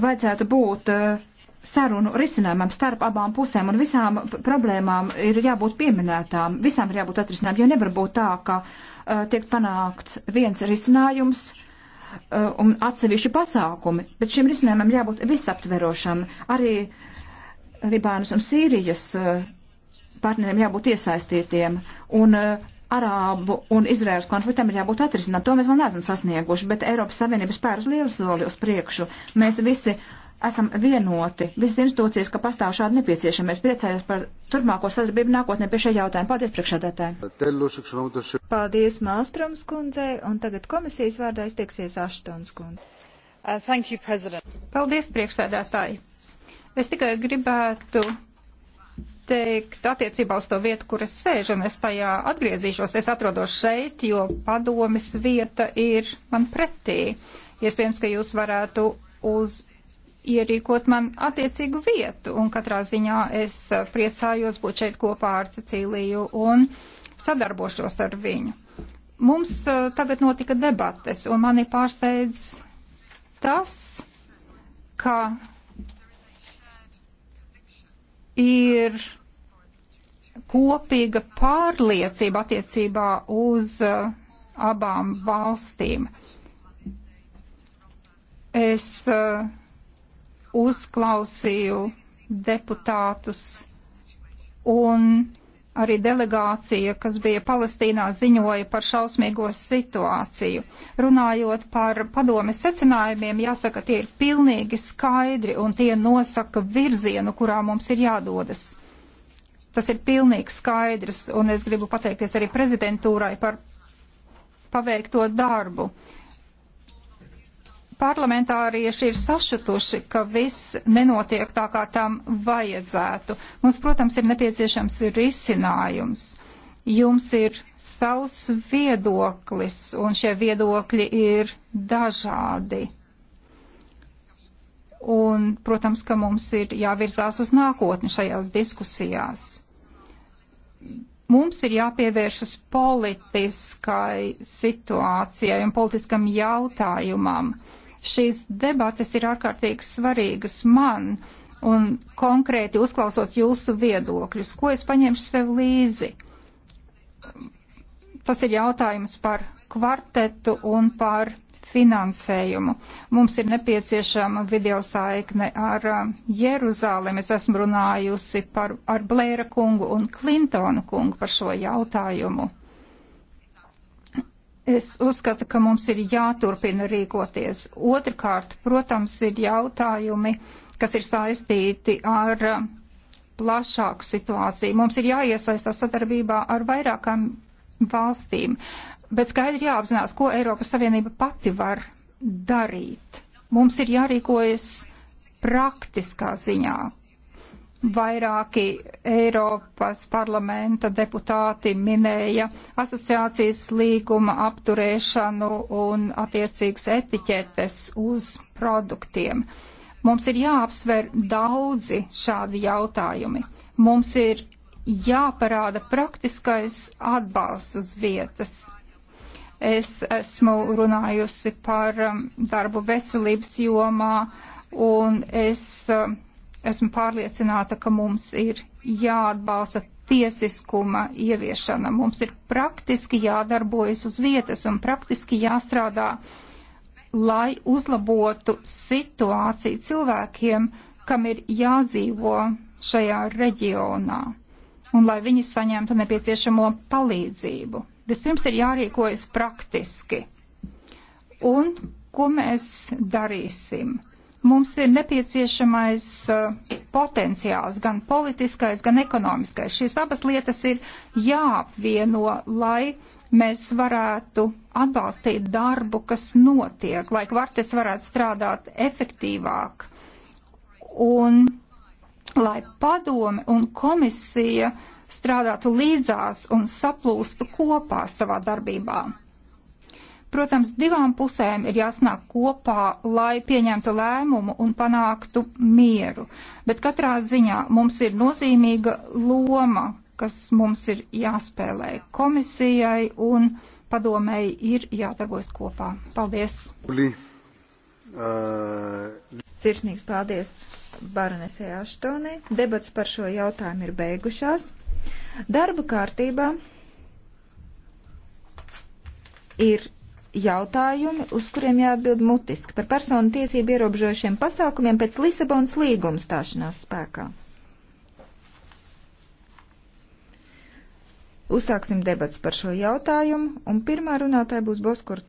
vajadzētu būt uh, sarunu risinājumam starp abām pusēm un visām problēmām ir jābūt pieminētām, visām ir jābūt atrisinām, jo nevar būt tā, ka uh, tiek panākts viens risinājums uh, un atsevišķi pasākumi, bet šim risinājumam jābūt visaptverošam. Arī Libānas un Sīrijas uh, partneriem jābūt iesaistītiem un uh, Arābu un Izraels konfliktam ir jābūt atrisinām. To mēs vēl neesam sasnieguši, bet Eiropas Savienības spērus lielu soli uz priekšu. Mēs visi uh, esam vienoti, visas institūcijas, ka pastāv šāda nepieciešamība. Priecājos par turpmāko sadarbību nākotnē pie šie jautājumi. Paldies, priekšsēdētāji. Paldies, Malstroms kundzei, un tagad komisijas vārdā izteiksies Aštons kundze. Uh, thank you, President. Paldies, priekšsēdētāji. Es tikai gribētu teikt attiecībā uz to vietu, kur es sēžu, un es tajā atgriezīšos. Es atrodos šeit, jo padomis vieta ir man pretī. Iespējams, ka jūs varētu uz ierīkot man attiecīgu vietu, un katrā ziņā es priecājos būt šeit kopā ar Cecīliju un sadarbošos ar viņu. Mums tagad notika debates, un mani pārsteidz tas, ka ir kopīga pārliecība attiecībā uz abām valstīm. Es uh, uzklausīju deputātus un arī delegācija, kas bija Palestīnā, ziņoja par šausmīgo situāciju. Runājot par padomes secinājumiem, jāsaka, tie ir pilnīgi skaidri un tie nosaka virzienu, kurā mums ir jādodas. Tas ir pilnīgi skaidrs, un es gribu pateikties arī prezidentūrai par paveikto darbu. Uh, parlamentārieši ir sašutuši, ka viss nenotiek tā, kā tam vajadzētu. Mums, protams, ir nepieciešams risinājums. Jums ir savs viedoklis, un šie viedokļi ir dažādi. Un, protams, ka mums ir jāvirzās uz nākotni šajās diskusijās mums ir jāpievēršas politiskai situācijai un politiskam jautājumam. Šīs debates ir ārkārtīgi svarīgas man un konkrēti uzklausot jūsu viedokļus. Ko es paņemšu sev līzi? Tas ir jautājums par kvartetu un par finansējumu. Mums ir nepieciešama video saikne ar uh, Jeruzālēm. Es esmu runājusi par, ar Blēra kungu un Klintonu kungu par šo jautājumu. Es uzskatu, ka mums ir jāturpina rīkoties. Otrakārt, protams, ir jautājumi, kas ir saistīti ar uh, plašāku situāciju. Mums ir jāiesaistās sadarbībā ar vairākām valstīm, bet skaidri jāapzinās, ko Eiropas Savienība pati var darīt. Mums ir jārīkojas praktiskā ziņā, Vairāki Eiropas parlamenta deputāti minēja asociācijas līguma apturēšanu un attiecīgas etiķetes uz produktiem. Mums ir jāapsver daudzi šādi jautājumi. Mums ir jāparāda praktiskais atbalsts uz vietas. Es esmu runājusi par um, darbu veselības jomā un es um, Esmu pārliecināta, ka mums ir jāatbalsta tiesiskuma ieviešana. Mums ir praktiski jādarbojas uz vietas un praktiski jāstrādā, lai uzlabotu situāciju cilvēkiem, kam ir jādzīvo šajā reģionā un lai viņi saņemtu nepieciešamo palīdzību. Vispirms ir jārīkojas praktiski. Un ko mēs darīsim? Mums ir nepieciešamais uh, potenciāls, gan politiskais, gan ekonomiskais. Šīs abas lietas ir jāapvieno, lai mēs varētu atbalstīt darbu, kas notiek, lai kvartets varētu strādāt efektīvāk un lai padome un komisija strādātu līdzās un saplūstu kopā savā darbībā. Protams, divām pusēm ir jāsnāk kopā, lai pieņemtu lēmumu un panāktu mieru. Bet katrā ziņā mums ir nozīmīga loma, kas mums ir jāspēlē komisijai un padomēji ir jādarbojas kopā. Paldies! Uh, Sirsnīgs paldies Baronesē Aštonē. Debats par šo jautājumu ir beigušās. Darba kārtībā ir jautājumi, uz kuriem jāatbild mutiski par personu tiesību ierobežojušiem pasākumiem pēc Lisabonas līguma stāšanās spēkā. Uzsāksim debats par šo jautājumu, un pirmā runātāja būs Boskur